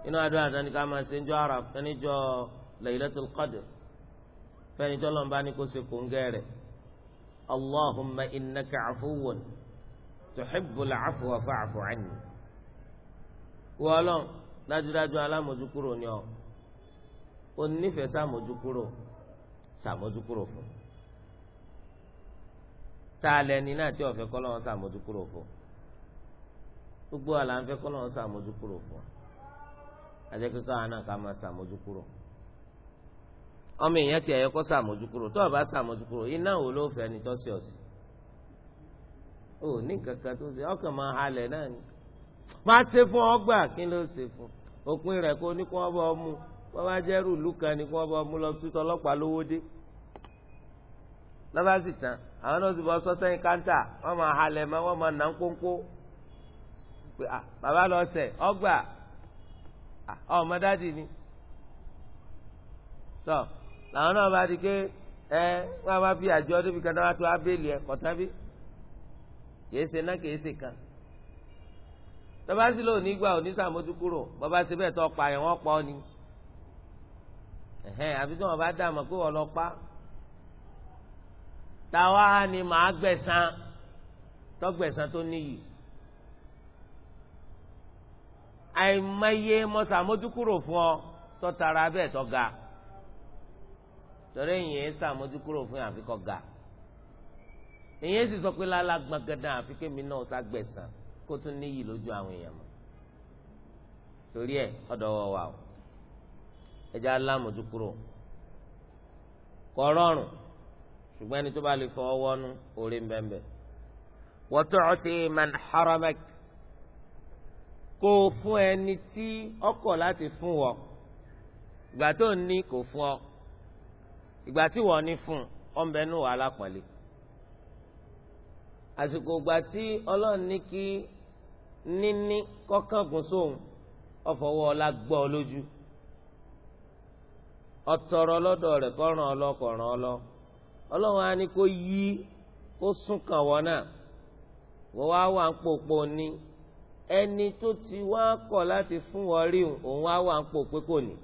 inú adúlá àtàní ká máa ṣe ń jọ ara ẹni jọ Laylatul Qadr fẹ́ni tó lọ́nba ni kò ṣe kò ń gẹ́ rẹ̀ Allahumma innaka afuwun tuhibbul afwa fa'fu anni. wọ ọlọ́run dájúdájú alámójúkúrò ni ọ ò nífẹ̀ẹ́ sàmójúkúrò sàmójúkúrò fún tá a lẹni náà tí ọ̀fẹ́ kọ́ lọ́wọ́ sàmójúkúrò fún gbogbo àlà ń fẹ́ kọ́ lọ́wọ́ sàmójúkúrò fún àti kíkọ́ àná ká máa sàmójúkúrò ọmọ èèyàn ti ẹ̀yẹ kọ́ sàmójúkúrò tó o bá sàmójúkúrò iná wo ló fẹ́ ni tọ́sí ọ̀sì ò ní kankan tó ṣe ọkàn máa halẹ̀ náà ni. máa ṣe fún ọgbà kí ló ṣe fún òpin rẹ̀ kó ní kí wọ́n ọmú wọ́n bá kan ní lọ sí tọlọ́pàá lówó dé lọ́ba sì tán àwọn náà sì bọ́ sọ́sẹ́yìn káńtà wọ́n máa halẹ̀ mọ́ wọ́n máa nà ń kónkó lọ ọgbà ni tọ́ làwọn náà bá di ẹ bá fi àjọ débi kan náà wá tọ́ba sí lóò nígbà òní sàmójú kúrò bọ́ba ṣe bẹ́ẹ̀ tó pa yẹn wọ́n pa ọ́ ni ẹ̀hẹ́n àfi tí wọ́n bá dà mọ̀ pé wọ́n lọ pa táwa ni màá gbẹ̀san tọ́gbẹ̀san tó níyì àìmọye mọ̀sàmójú kúrò fún ọ tọ́tara bẹ́ẹ̀ tọ́ ga torí ìyẹn sàmójú kúrò fún àfikọ́ ga ìyẹn sì sọ pé lálá gbọ̀ngàn àfikẹ́ mi náà sá gbẹ̀san kó tún níyì lójú àwọn èèyàn mọ́ torí ẹ̀ ọ̀dọ̀wọ̀ wà o ẹja alámòjú kúrò kọ́rọ́rùn ṣùgbọ́n ẹni tó bá lè fọwọ́ wọ́nú orí ńbẹ́ńbẹ́ wọ́tọ́ ọtí man haramak kó o fún ẹni tí ọkọ̀ láti fún wọ ìgbà tó ní kò fún ọ ìgbà tí wọ́n ní fún ọ̀nbẹ nù wàhálà pọ̀lẹ́ àsìkò ìgbà tí ọlọ́run ní kí níní kọ́kàngùn sóhun ọ̀fọwọ́ ọlá gbọ́ ọ lójú ọ̀tọ̀rọ̀ lọ́dọ̀ rẹ̀ kọ́ràn ọlọ́kọ̀ràn ọlọ́ ọlọ́run á ní kó yí kó sún kàn wọ́n náà wọ́n wá wà ń pòpò ní ẹni tó ti wá kọ̀ láti fún wọn rí òun wá wà ń pòpè kò ní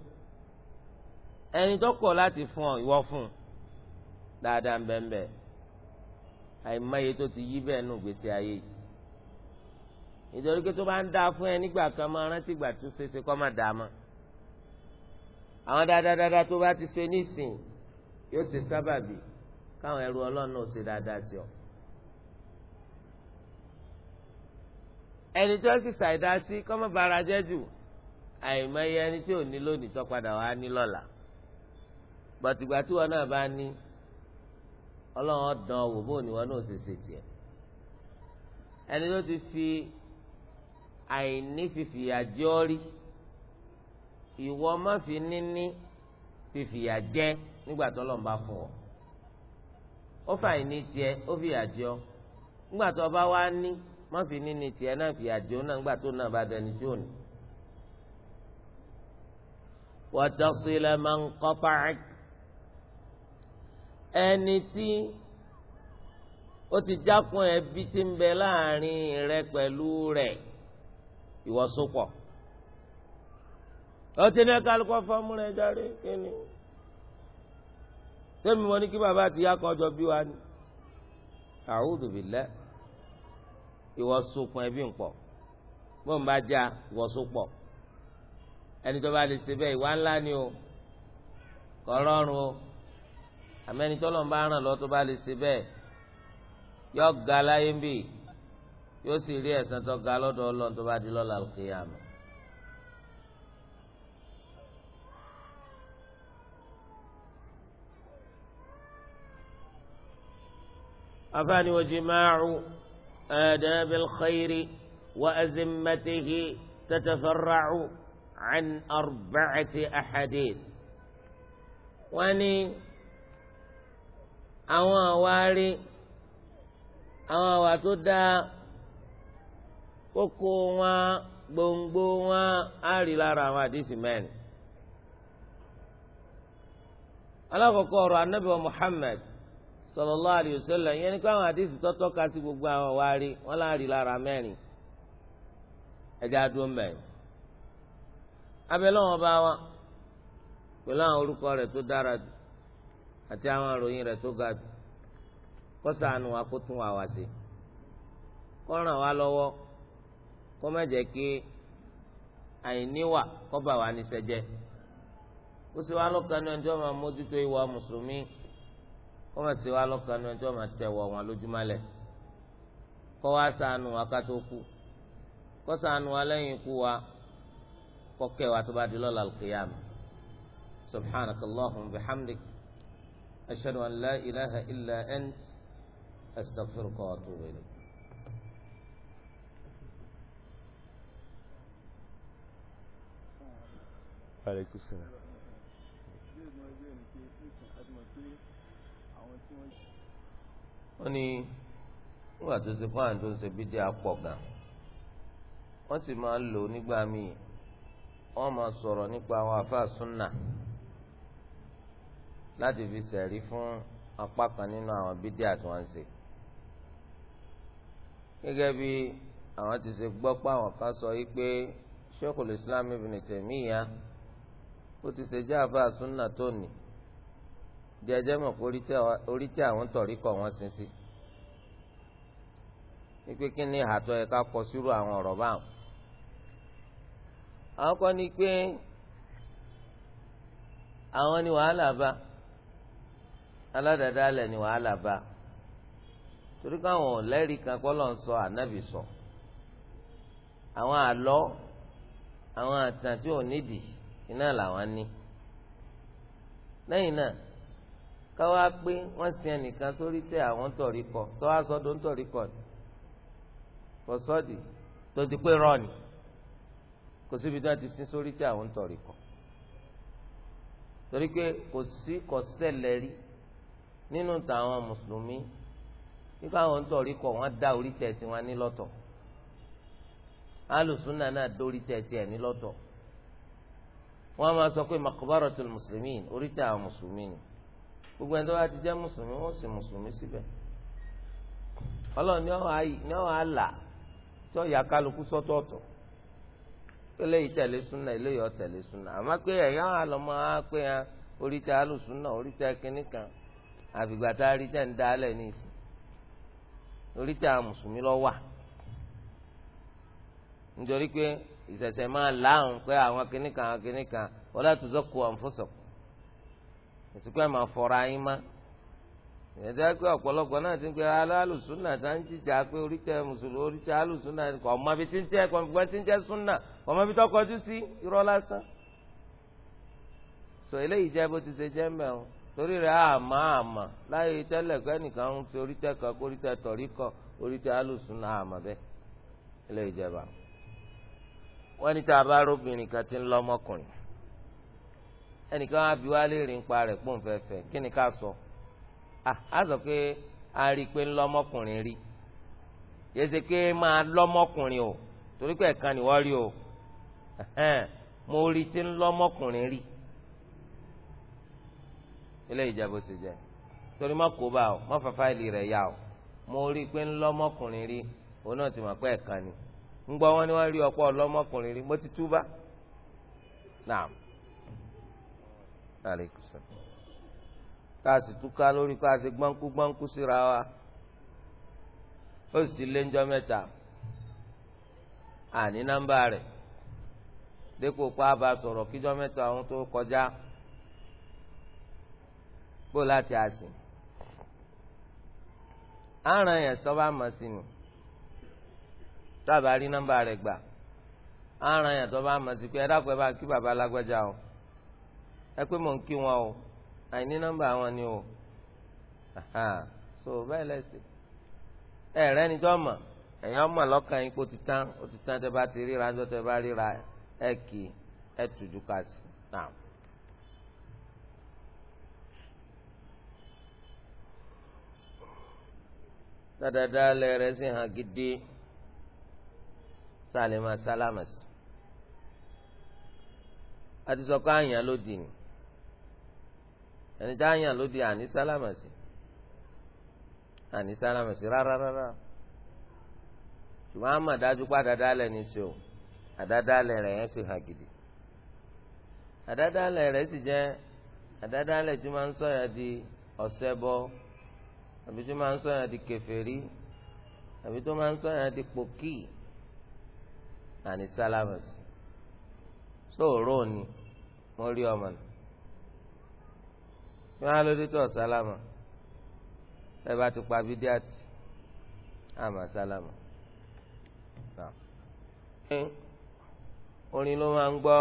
ẹni tó kọ̀ láti fún ọ ìwọ fún dáadáa ń bẹ́ẹ̀ bẹ́ẹ̀ àìmọye tó ti yí bẹ́ẹ̀ nù gbèsè ayé yìí ìdọ̀rí pé tó bá ń dáa fún ẹ nígbà kan máa rántí gbà tó ṣeéṣe kọ́ máa dáa mọ́ àwọn dáadáa tó bá ti ṣe nísìn yóò ṣe sábàbí káwọn ẹrú ọlọ́run náà ṣe dáadáa sí ọ. ẹni tó sì ṣàìdá sí kọ́mọ bara jẹ́ jù àìmọye ẹni tí ò ní lónìí tó padà wá ní lọ́la gbàtìgbà tí wọn náà bá ní ọlọ́run ọ̀dàn wò bóun ni wọn náà ṣe ṣe tiẹ̀ ẹni tó ti fi àìní fìfìyàjọ́rí ìwọ má fi níní fìfìyàjẹ nígbà tó lọ́n bá fún ọ ó fà ìní tiẹ ó fìyàjọ nígbà tó bá wá ní má fi níní tiẹ náà fìyàjọ náà nígbà tó náà bá dẹni tí ò ní. وتصل من قطعك ẹni tí ó ti jákun ẹbí tí ń bẹ láàrin rẹ pẹ̀lú rẹ̀ ìwọ sopọ̀ ọtí ní kálukọ fọmú rẹ jáde kíni tẹmí wọn ní kí bàbá àti ìyá kan jọ bí wa ni àwùjọ bí lẹ ìwọ sopọ̀ ẹbí ńpọ̀ bó ń bá já ìwọ sopọ̀ ẹni tó bá lè ṣe bẹ́ẹ̀ ìwà ńlá ni o kọ́ rọrùn o àmẹ́ni tó lọ́n bá ràn lọ́ tó bá lè ṣe bẹ́ẹ̀ yọ gàlá yín bíi yóò sì rí ẹ̀san tó ga lọ́dọ̀ ọlọ́run tó bá di lọ́la al-qiyamah. afaani wa jimaacu aadaabi alkhayri wa azimatihi tatafaracu can arbacati axadiid. wọ́n ní àwọn àwárí àwọn àwà tó dáa. kókó wọn gbogbo wọn á rí lára àwọn àdìsí mẹ́rin. alákọ̀ọ́kọ́ ọ̀rọ̀ anábì wa Muhammad sallallahu yẹn ni àwọn gbogbo àwọn wa rí wọn lá rí lára mẹ́rin ẹ̀dá dúró mẹ́rin. abẹ́lẹ́ bá wa pẹ̀lú àwọn orúkọ rẹ̀ tó dára jù àti àwọn àròyìn rẹ̀ tó kó má jẹ́ kí àìníwà kó bà wá níṣẹ́ jẹ́ kó sì wá lọ́kàn náà tí wọ́n máa mójútó ìwà mùsùlùmí kó má sì wá lọ́kàn náà tí wọ́n máa tẹ̀wọ̀ wọn lójúmọ́lẹ̀ kó wá ṣàánú akátó kú kó ṣàánú alẹ́yìn ikú wa kó kẹ́ tó bá di lọ́la al-qiyama subhanakallahumma bihamdik ashhadu an la ilaha illa ant astaghfiruka wa atubu Aleykum salaam. wọ́n ní nígbà tó ṣe fáwọn tó ń ṣe bídí apọ̀ gan wọ́n sì máa ń lò ó nígbà míì wọ́n máa sọ̀rọ̀ nípa àwọn àfáà súnà láti fi sẹ̀rí fún apá kan nínú àwọn bídí àti gẹ́gẹ́ bí àwọn ti ṣe gbọ́ pé àwọn kan sọ yìí pé Sheikhul Islam Ibn Taymiyyah bó ti ṣe jẹ́ àfa àsúnà tó nì jẹjẹ mọ̀ pé orí tí àwọn tọ̀rí kọ̀ wọ́n sin sí wípé kí ni àtọ̀ ẹ̀ka kọ sírò àwọn ọ̀rọ̀ báwọn. àwọn kan ní pé àwọn ni wàhálà bá aládàáda alẹ̀ ni wàhálà bá torí káwọn lẹ́rìí kan kọ́ lọ́n sọ ànábì sọ àwọn àlọ́ àwọn àtàn tí ò nídìí iná làwọn ní lẹ́yìn náà káwá pé wọ́n sin ẹnìkan sórí tẹ àwọn tọ̀rí kọ sọ́wọ́ sọ́dọ̀ ń tọ̀rí kọ kọ sọ́ọ̀dì tó ti pé rọ́ọ̀nì kò síbi tí wọ́n ti sin sórí tẹ àwọn tọ̀rí kọ torí pé kò sí kò ṣẹlẹ̀ rí nínú tàwọn mùsùlùmí nípa àwọn ń tọ̀rí kọ wọ́n dá orí tẹ̀ tiwọn ní lọ́tọ̀ alùsùn náà náà dórí tẹ̀ tiẹ̀ ní lọ́tọ̀ wọ́n máa sọ pé maqbaratul muslimin oríta àwọn mùsùlùmí ni gbogbo ẹni tó bá ti jẹ́ mùsùlùmí wọ́n sì mùsùlùmí síbẹ̀ ọlọ́run ní ọ̀hún àlà tí ọ̀yà kálukú sọ́tọ̀ọ̀tọ̀ eléyìí tẹ̀lé súnà eléyìí ọ̀tẹ̀lé súnà àmọ́ pé ẹ̀yà àlọ́mọ pé ya oríta alùsùnà oríta kínní kan a rí tẹ̀ ní ìsìn oríta mùsùlùmí nítorí pé ìṣẹ̀ṣẹ̀ máa láàrún pé àwọn kìnnìkan àwọn kìnnìkan wọ́n láti zọ́ kó ìsìnkú ẹ̀ máa yín má ìyẹ̀dá pé ọ̀pọ̀lọpọ̀ náà ti ń pe alálùsúnà tá ń jìjà pé oríṣẹ́ mùsùlùmí oríṣẹ́ alùsúnà ọmọbi tí ń jẹ́ ń jẹ́ súnà sí irọ́ lásán tó eléyìí jẹ́ bó ti ṣe jẹ́ torí rẹ̀ láyé tẹ́lẹ̀ pé nìkan ń fi oríṣẹ́ kan kó oríṣẹ́ oríṣẹ́ bẹ́ẹ̀ eléyìí jẹ́ wọ́n ní tá a bá róbìnrin kan ti ń lọ ọmọkùnrin ẹnìkan á bí wá léèrè ń pa rẹ̀ pọ̀ nfẹ̀fẹ̀ kí ni ká sọ á sọ pé a rí i pé ń lọ ọmọkùnrin rí yẹ ṣe pé máa lọ ọmọkùnrin o torí pé ẹ̀kan ni wọ́n rí o mo rí ti ń lọ ọmọkùnrin rí ilé ìjàbọ̀ sì jẹ́ torí má kó bá o má fa fáìlì rẹ̀ yá o mo rí i pé ń lọ ọmọkùnrin rí òun náà ti mọ̀ pé ẹ̀kan ni. ń gbọ́ wọn ni wọ́n rí ọ̀pọ̀ ọlọ́mọkùnrin rí mo ti túbá naam aleykum salaam ká sì túká lórí ká sì gbọ́nkú gbọ́nkú síra wa ó sì lé njọ́ mẹ́ta àní nọ́mbà rẹ̀ dépò pa bá sọ̀rọ̀ kíjọ́ mẹ́ta ọ̀hún tó kọjá kó láti àsìn àrùn ẹ̀yẹ̀ sọ́ba mọ̀ sí ni. tábà rí nọ́mbà rẹ̀ gbà aràn yàtọ̀ bá mọ̀ sí pé ẹ dákun ẹ bá kí bàbá alágbájá o ẹ pé mò ń kí wọn o àìní nọ́mbà wọn ni o so bẹ́ẹ̀ lẹ́sìn ẹ rẹ́ ni jọ́ mọ̀ ẹ̀yàn mọ̀ lọ́kàn yín pé ó ti tán ó ti tán tẹ bá ti ríra ńjọ́ tẹ bá ríra ẹ kì í ẹ tùjú ká sí náà. dáadáa lẹ́rẹ̀ẹ́ hàn gidi tá a lè máa sálámà sí a ti sọ pé àyàn ló dì ní ẹni tá àyàn ló dì àní sálámà sí àní sálámà sí rárá rárá ṣùgbọ́n àmọ̀ dájú pé àdádálẹ̀ ní sí o àdádálẹ̀ rẹ̀ yẹn sì hàn gidi àdádálẹ̀ rẹ̀ sì jẹ́ àdádálẹ̀ tí máa ń sọ̀yà di ọ̀sẹ̀bọ àbí tí máa ń sọ̀yà di kèfèrí àbí tó máa ń sọ̀yà di pòkì àní sálámà sí sóòrò ni mo rí ọmọ nà kí wọn á lóde tó sálámà ẹ bá ti pa bídíàtì àmà sálámà orin ló máa ń gbọ́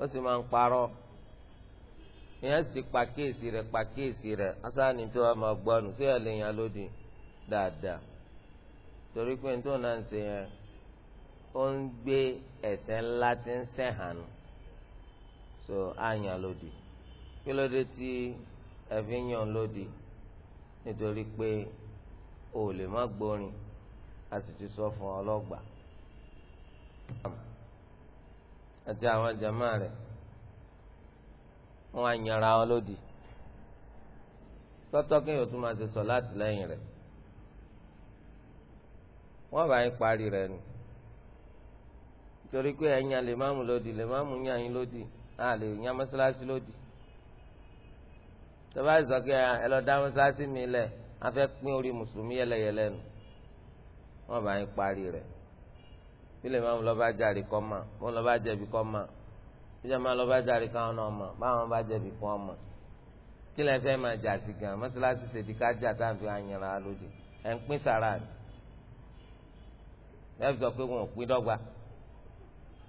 ó sì máa ń parọ́ ìyẹn sì pàkíyèsí rẹ̀ pàkíyèsí rẹ̀ asáàní tó wà máa gbọ́ nù sí ẹ̀ lè dáadáa. torí pé ní tó náà ń ṣe yẹn ó ń gbé ẹ̀ṣẹ̀ ńlá tí ń ṣẹ̀ hàn so àyàn lòdì kí ló dé tí ẹ yàn lòdì nítorí pé o ò lè má gbórin a sì ti sọ fún ọlọ́gbà àti àwọn jama rẹ wọ́n á yanra wọn lòdì kí yóò tún máa ti sọ láti lẹ́yìn rẹ wọ́n bá yín parí rẹ̀ nù torí pé ẹ̀yin lè máàmù lódì lè máàmù yín àyín lódì náà lè yín amọ́sálásí lódì tọ́ba ìsọ pé ẹ lọ dá amọ́sálásí mi lẹ̀ a fẹ́ pín orí mùsùlùmí yẹlẹyẹlẹ nù wọ́n bá yín parí rẹ̀ bí lè máàmù lọ́ba jàre kọ́ mà bó lọ́ba jẹ̀bi kọ́ mà bí jẹ́ máa lọ́ba jàre káwọn náà mà báwọn bá jẹ̀bi kọ́ mà kí lẹ́ fẹ́ máa jà sí gan amọ́sálásí ṣèdíkà jà táwọn fi àyànra lódì ẹ̀ ń pín sàrà ni. lẹ́yìn sọ pé wọn ò pín dọ́gba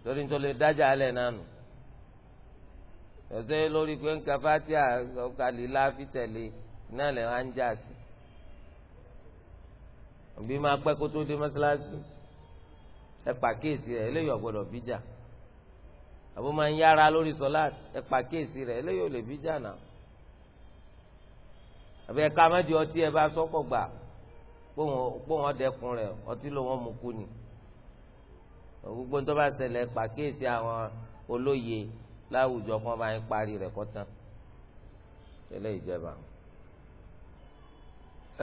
torí nítorí lè dájà alẹ́ náà ọ̀sẹ̀ lórí pé ń ka fatia ọ̀kadì láàfi tẹ̀lé náà lè wá ń jà sí òbí máa pẹ́ kó tó dé mọ́ṣáláṣí ẹ pàkíyèsí rẹ̀ eléyìí ọ̀gbọ́dọ̀ bí jà àbó máa ń yára lórí sọláàtì ẹ pàkíyèsí rẹ̀ eléyìí ò lè bí jà náà pòun ọdẹkùn rẹ̀ ọtí ló wọn mú kú ni gbogbo tó bá ṣẹlẹ̀ pàkíyèsí àwọn olóye láwùjọ kan bá ń parí rẹ̀ kọ́tán tẹ́lẹ̀ ìjẹba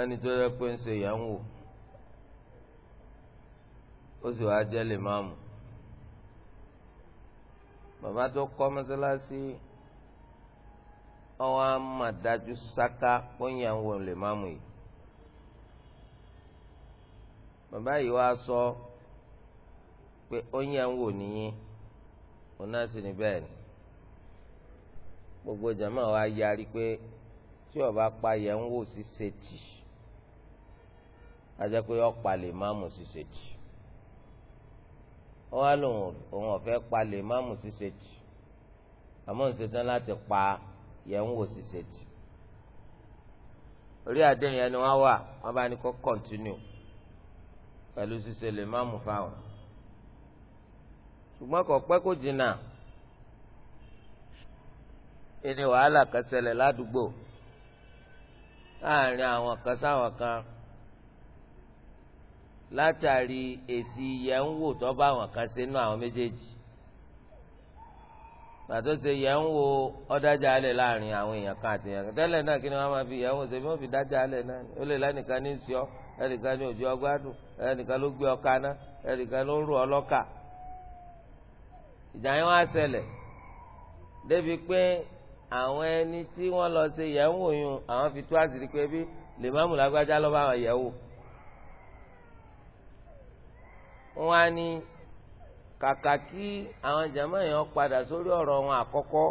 ẹni tó yẹ pé ń ṣe ìyàwó ó sì wá jẹ́ lè máa mú bàbá tó kọ́ mọ́sálásí ọwọ́ á mà dájú sáká pọ́nyàwó lè máa mú yìí bàbá yìí wá sọ pé oyin à wò nìyí òun náà sì ní bẹ́ẹ̀ ni gbogbo jama wa yarí pé tí ọba pa yẹn ń wò sí ṣètì ajẹ́ pé ọ̀pá lè má mú sí ṣètì ó wá lòun òun ọ̀fẹ́ pa lè má mú sí ṣètì àmọ́ ìṣetán láti pa yẹn ń wò sí ṣètì orí àdéhùn yẹn ni wọ́n wà wọ́n bá ní kó kọ́ntínú pẹ̀lú ṣíṣe lè má mú fáwọn. ṣùgbọ́n kò pẹ́ kó jìnnà ẹni wàhálà kan ṣẹlẹ̀ ládùúgbò láàrin àwọn kan sáwọn kan látàrí èsì yẹn ń wò tó bá àwọn kan sínú àwọn méjèèjì pàtó ṣe yẹn ń wo ọdájà alẹ̀ láàrin àwọn èèyàn kan àti èèyàn kan tẹ́lẹ̀ náà kí ni wọ́n máa fi yẹn ń wò ṣe bí wọ́n fi dájà alẹ̀ náà ó lè lánìkan ní sọ ẹnìkan ní òjò ọgbádùn ẹnìkan ló gbé ọka ná ẹnìkan ló ń rò ọlọ́kà ìjà yẹn wá ṣẹlẹ̀ débi pé àwọn ẹni tí wọ́n lọ ṣe yẹ̀wò yun àwọn fi tú àṣírí pé bí lèmọ́mù lágbájá lọ́ba àwọn yẹ̀wò wọ́n á kàkà kí àwọn jàmáà yẹn padà sórí ọ̀rọ̀ wọn àkọ́kọ́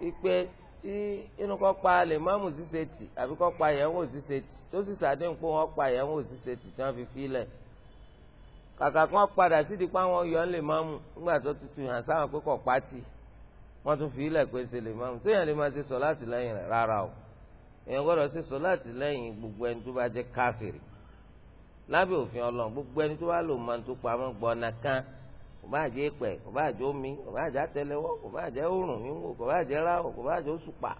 wípé tí inú kọ́ pa lèmọ́mù ṣiṣẹ́ tì àbí kọ́ pa yẹ̀wò ṣiṣẹ́ tì tó sì sàdéhùn pé wọ́n pa yẹ̀wò ṣiṣẹ́ tì tí wọ́n fi filẹ̀ kàkà kan padà sídi pé àwọn yọ̀ ń lèmọ́mù nígbà tó tutù hàn sáwọn pé kọ̀ pátì wọ́n tún fi ilẹ̀ pé ṣe lèmọ́mù séèyàn lè máa ṣe sọ láti lẹ́yìn rẹ̀ rárá o èèyàn gbọ́dọ̀ ṣe sọ láti lẹ́yìn gbogbo ẹni tó bá jẹ́ káfìrì lábẹ́ òfin Ọlọ́run gbogbo ẹni tó bá lò máa tó pamọ́ gbọ́ná kan kò bá jẹ́ ìpẹ́ kò bá jẹ́ omi kò bá jẹ́ àtẹ́lẹwọ́ kò bá jẹ́ òrùn yín wò kò bá jẹ́ ráwọ̀ kò bá jẹ́ òṣùpá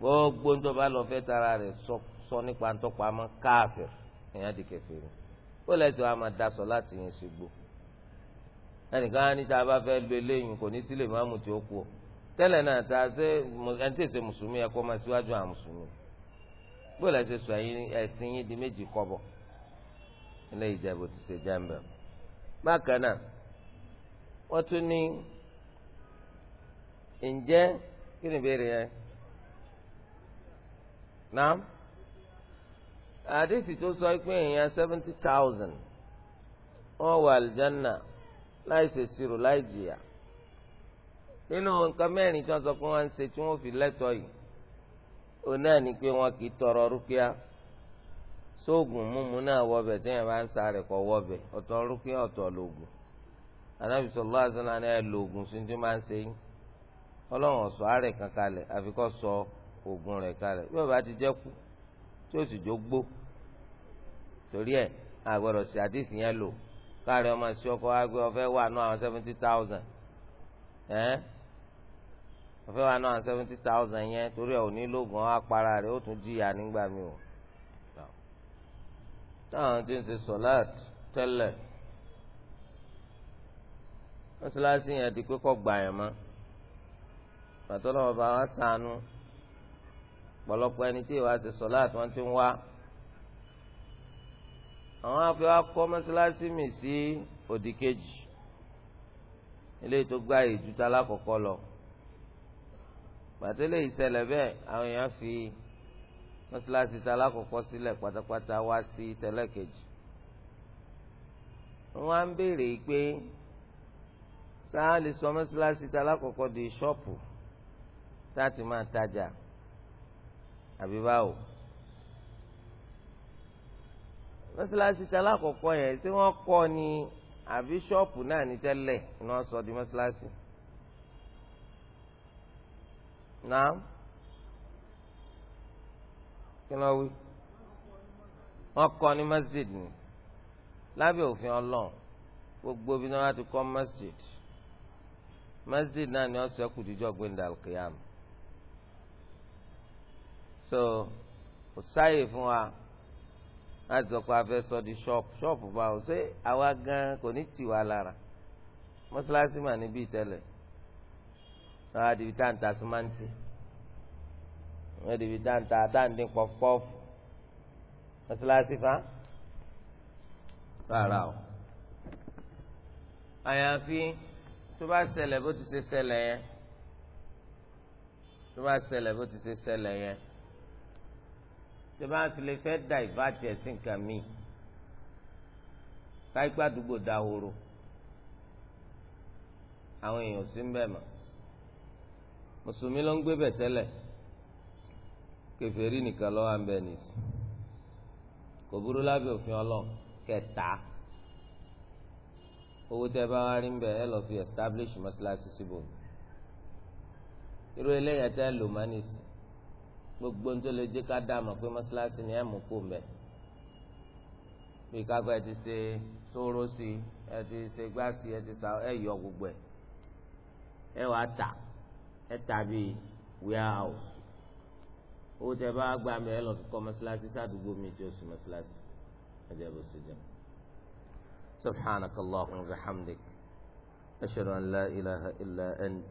gbogbo ń tọ́ba lọ fẹ́ tara rẹ̀ sọ nípa ń tọ́pa mọ́ káàfìr ìyẹn di kèfèrí ó lẹ́sìn wa máa daṣọ láti yẹn ṣègbò ẹnìkan á ní tá a bá fẹ́ lu eléyìí kò ní sílè má mú tí ó kú o tẹ́lẹ̀ náà tá a ṣe ẹni tí èsè mùsùlùmí ẹ̀kọ́ máa síwájú àwọn mùsùlùmí bó lẹ́sìn sọ ẹ̀sìn yín di méjì kọ́bọ̀ ilé ìjẹ́bù ti ṣe jẹ́ ń bẹ̀rù. bákan wọ́n tún ní ǹjẹ́ kí ni ìbéèrè yẹn náà àdìsí tó sọ pé èèyàn seventy thousand wọ́n wà àlùjánà láì ṣèṣirò láì jìyà nínú nǹkan mẹ́rin tí wọ́n sọ pé wọ́n ń ṣe tí wọ́n fi lẹ́tọ̀ọ́ yìí òun náà ni pé wọ́n kì tọrọ rúkìá. sóògùn mímu náà wọbẹ tí yẹn bá ń sa kọ kọ́ ọtọ rúkì lògùn anábì sọlá àzọ́nà ni ẹ lògùn sí tí máa ń yín ọlọ́run ọ̀sọ́ àárẹ̀ kan sọ ògùn rẹ̀ kalẹ̀ bí ọba ti jẹ́ kú tí ó sì jó gbó torí ẹ̀ agbọrọ sí àdìsí yẹn lò káàrẹ̀ ọmọ sí ọ̀fẹ́ wà àwọn seventy torí ẹ̀ ó tún jìyà nígbà mi o. táwọn ti ń ṣe sọ̀láàt tẹ́lẹ̀ mọ́ṣáláṣí yẹn di pé kọ́ gbà yẹn mọ́ pàtó lọ́wọ́ bá wá sànú pọ̀lọpọ̀ ẹni tí ìwà ṣe sọ̀láàt wọ́n ti ń wá àwọn á fi kọ́ mọ́ṣáláṣí mi sí òdì kejì ilé tó gbá ìjútà lákọ̀ọ́kọ́ lọ pàtó lè ṣẹlẹ̀ bẹ́ẹ̀ àwọn èèyàn fi mọ́sálásí tá alákọ̀ọ́kọ́ sílẹ̀ pátápátá wá sí tẹ́lẹ̀kejì wọ́n á ń béèrè pé sáà lè sọ mọ́sálásí tá alákọ̀ọ́kọ́ di ṣọ́ọ̀pù táàtì máa tajà àbí báwo mọ́sálásí tá alákọ̀ọ́kọ́ yẹn ṣé wọ́n kọ́ ni àbí ṣọ́ọ̀pù náà ní tẹ́lẹ̀ ni wọ́n sọ di mọ́sálásí náà kí ló wí wọ́n kọ́ ní masjid ni lábẹ́ òfin Ọlọ́run gbogbo bí wọ́n ti kọ́ masjid masjid náà ni wọ́n sọ kù díjọ gbẹndà alqiyam so kò sáyè fún wa láti sọ pé a fẹ́ sọ di ṣọ́ọ̀pù ṣọ́ọ̀pù báwo ṣé àwa gan kò ní tì wá lára mọ́ṣáláṣí mà níbí tẹ́lẹ̀ láwa di bí táǹtà símáǹtì. So, wọ́n ti fi dáńtà dáńdín pọfupọfu mọ́sálásí fa rárá o àyàfi tó bá ṣẹlẹ̀ bó ti ṣe ṣẹlẹ̀ yẹn tó bá ṣẹlẹ̀ bó ti ṣe ṣẹlẹ̀ yẹn tó bá fi lè fẹ́ da ìbátì ẹ̀sìn nǹkan mi káyipá àdúgbò dahoro àwọn èèyàn ò sí ń bẹ̀ mọ́ mùsùlùmí ló ń gbé bẹ̀ tẹ́lẹ̀ kèfèrí nìkan lọ́wọ́ àmbẹ́nìsì kò burú lábẹ́ òfin ọlọ́run kẹta owó tẹ bá wá rí mbẹ ẹ lọ fi establish mọ́ṣáláṣí síbò irú eléyà tẹ lò má nìsí gbogbo ń tó lè jẹ́ ká dá pé mọ́ṣáláṣí ni ẹ mú kó mbẹ bí kápẹ́ ẹ ti ṣe sóró sí ẹ ti ṣe gbá sí ẹ ti sa ẹ yọ gbogbo ẹ ẹ wàá tà ẹ tà bíi warehouse. owó tẹ bá gba mi ẹ lọ fi kọ́ mọ́ṣáláṣí sádùúgbò mi tí o sì mọ́ṣáláṣí ẹ̀jẹ̀ bó sì jẹun. سبحانك اللهم وبحمدك أشهد أن لا إله إلا أنت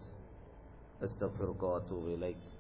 أستغفرك وأتوب إليك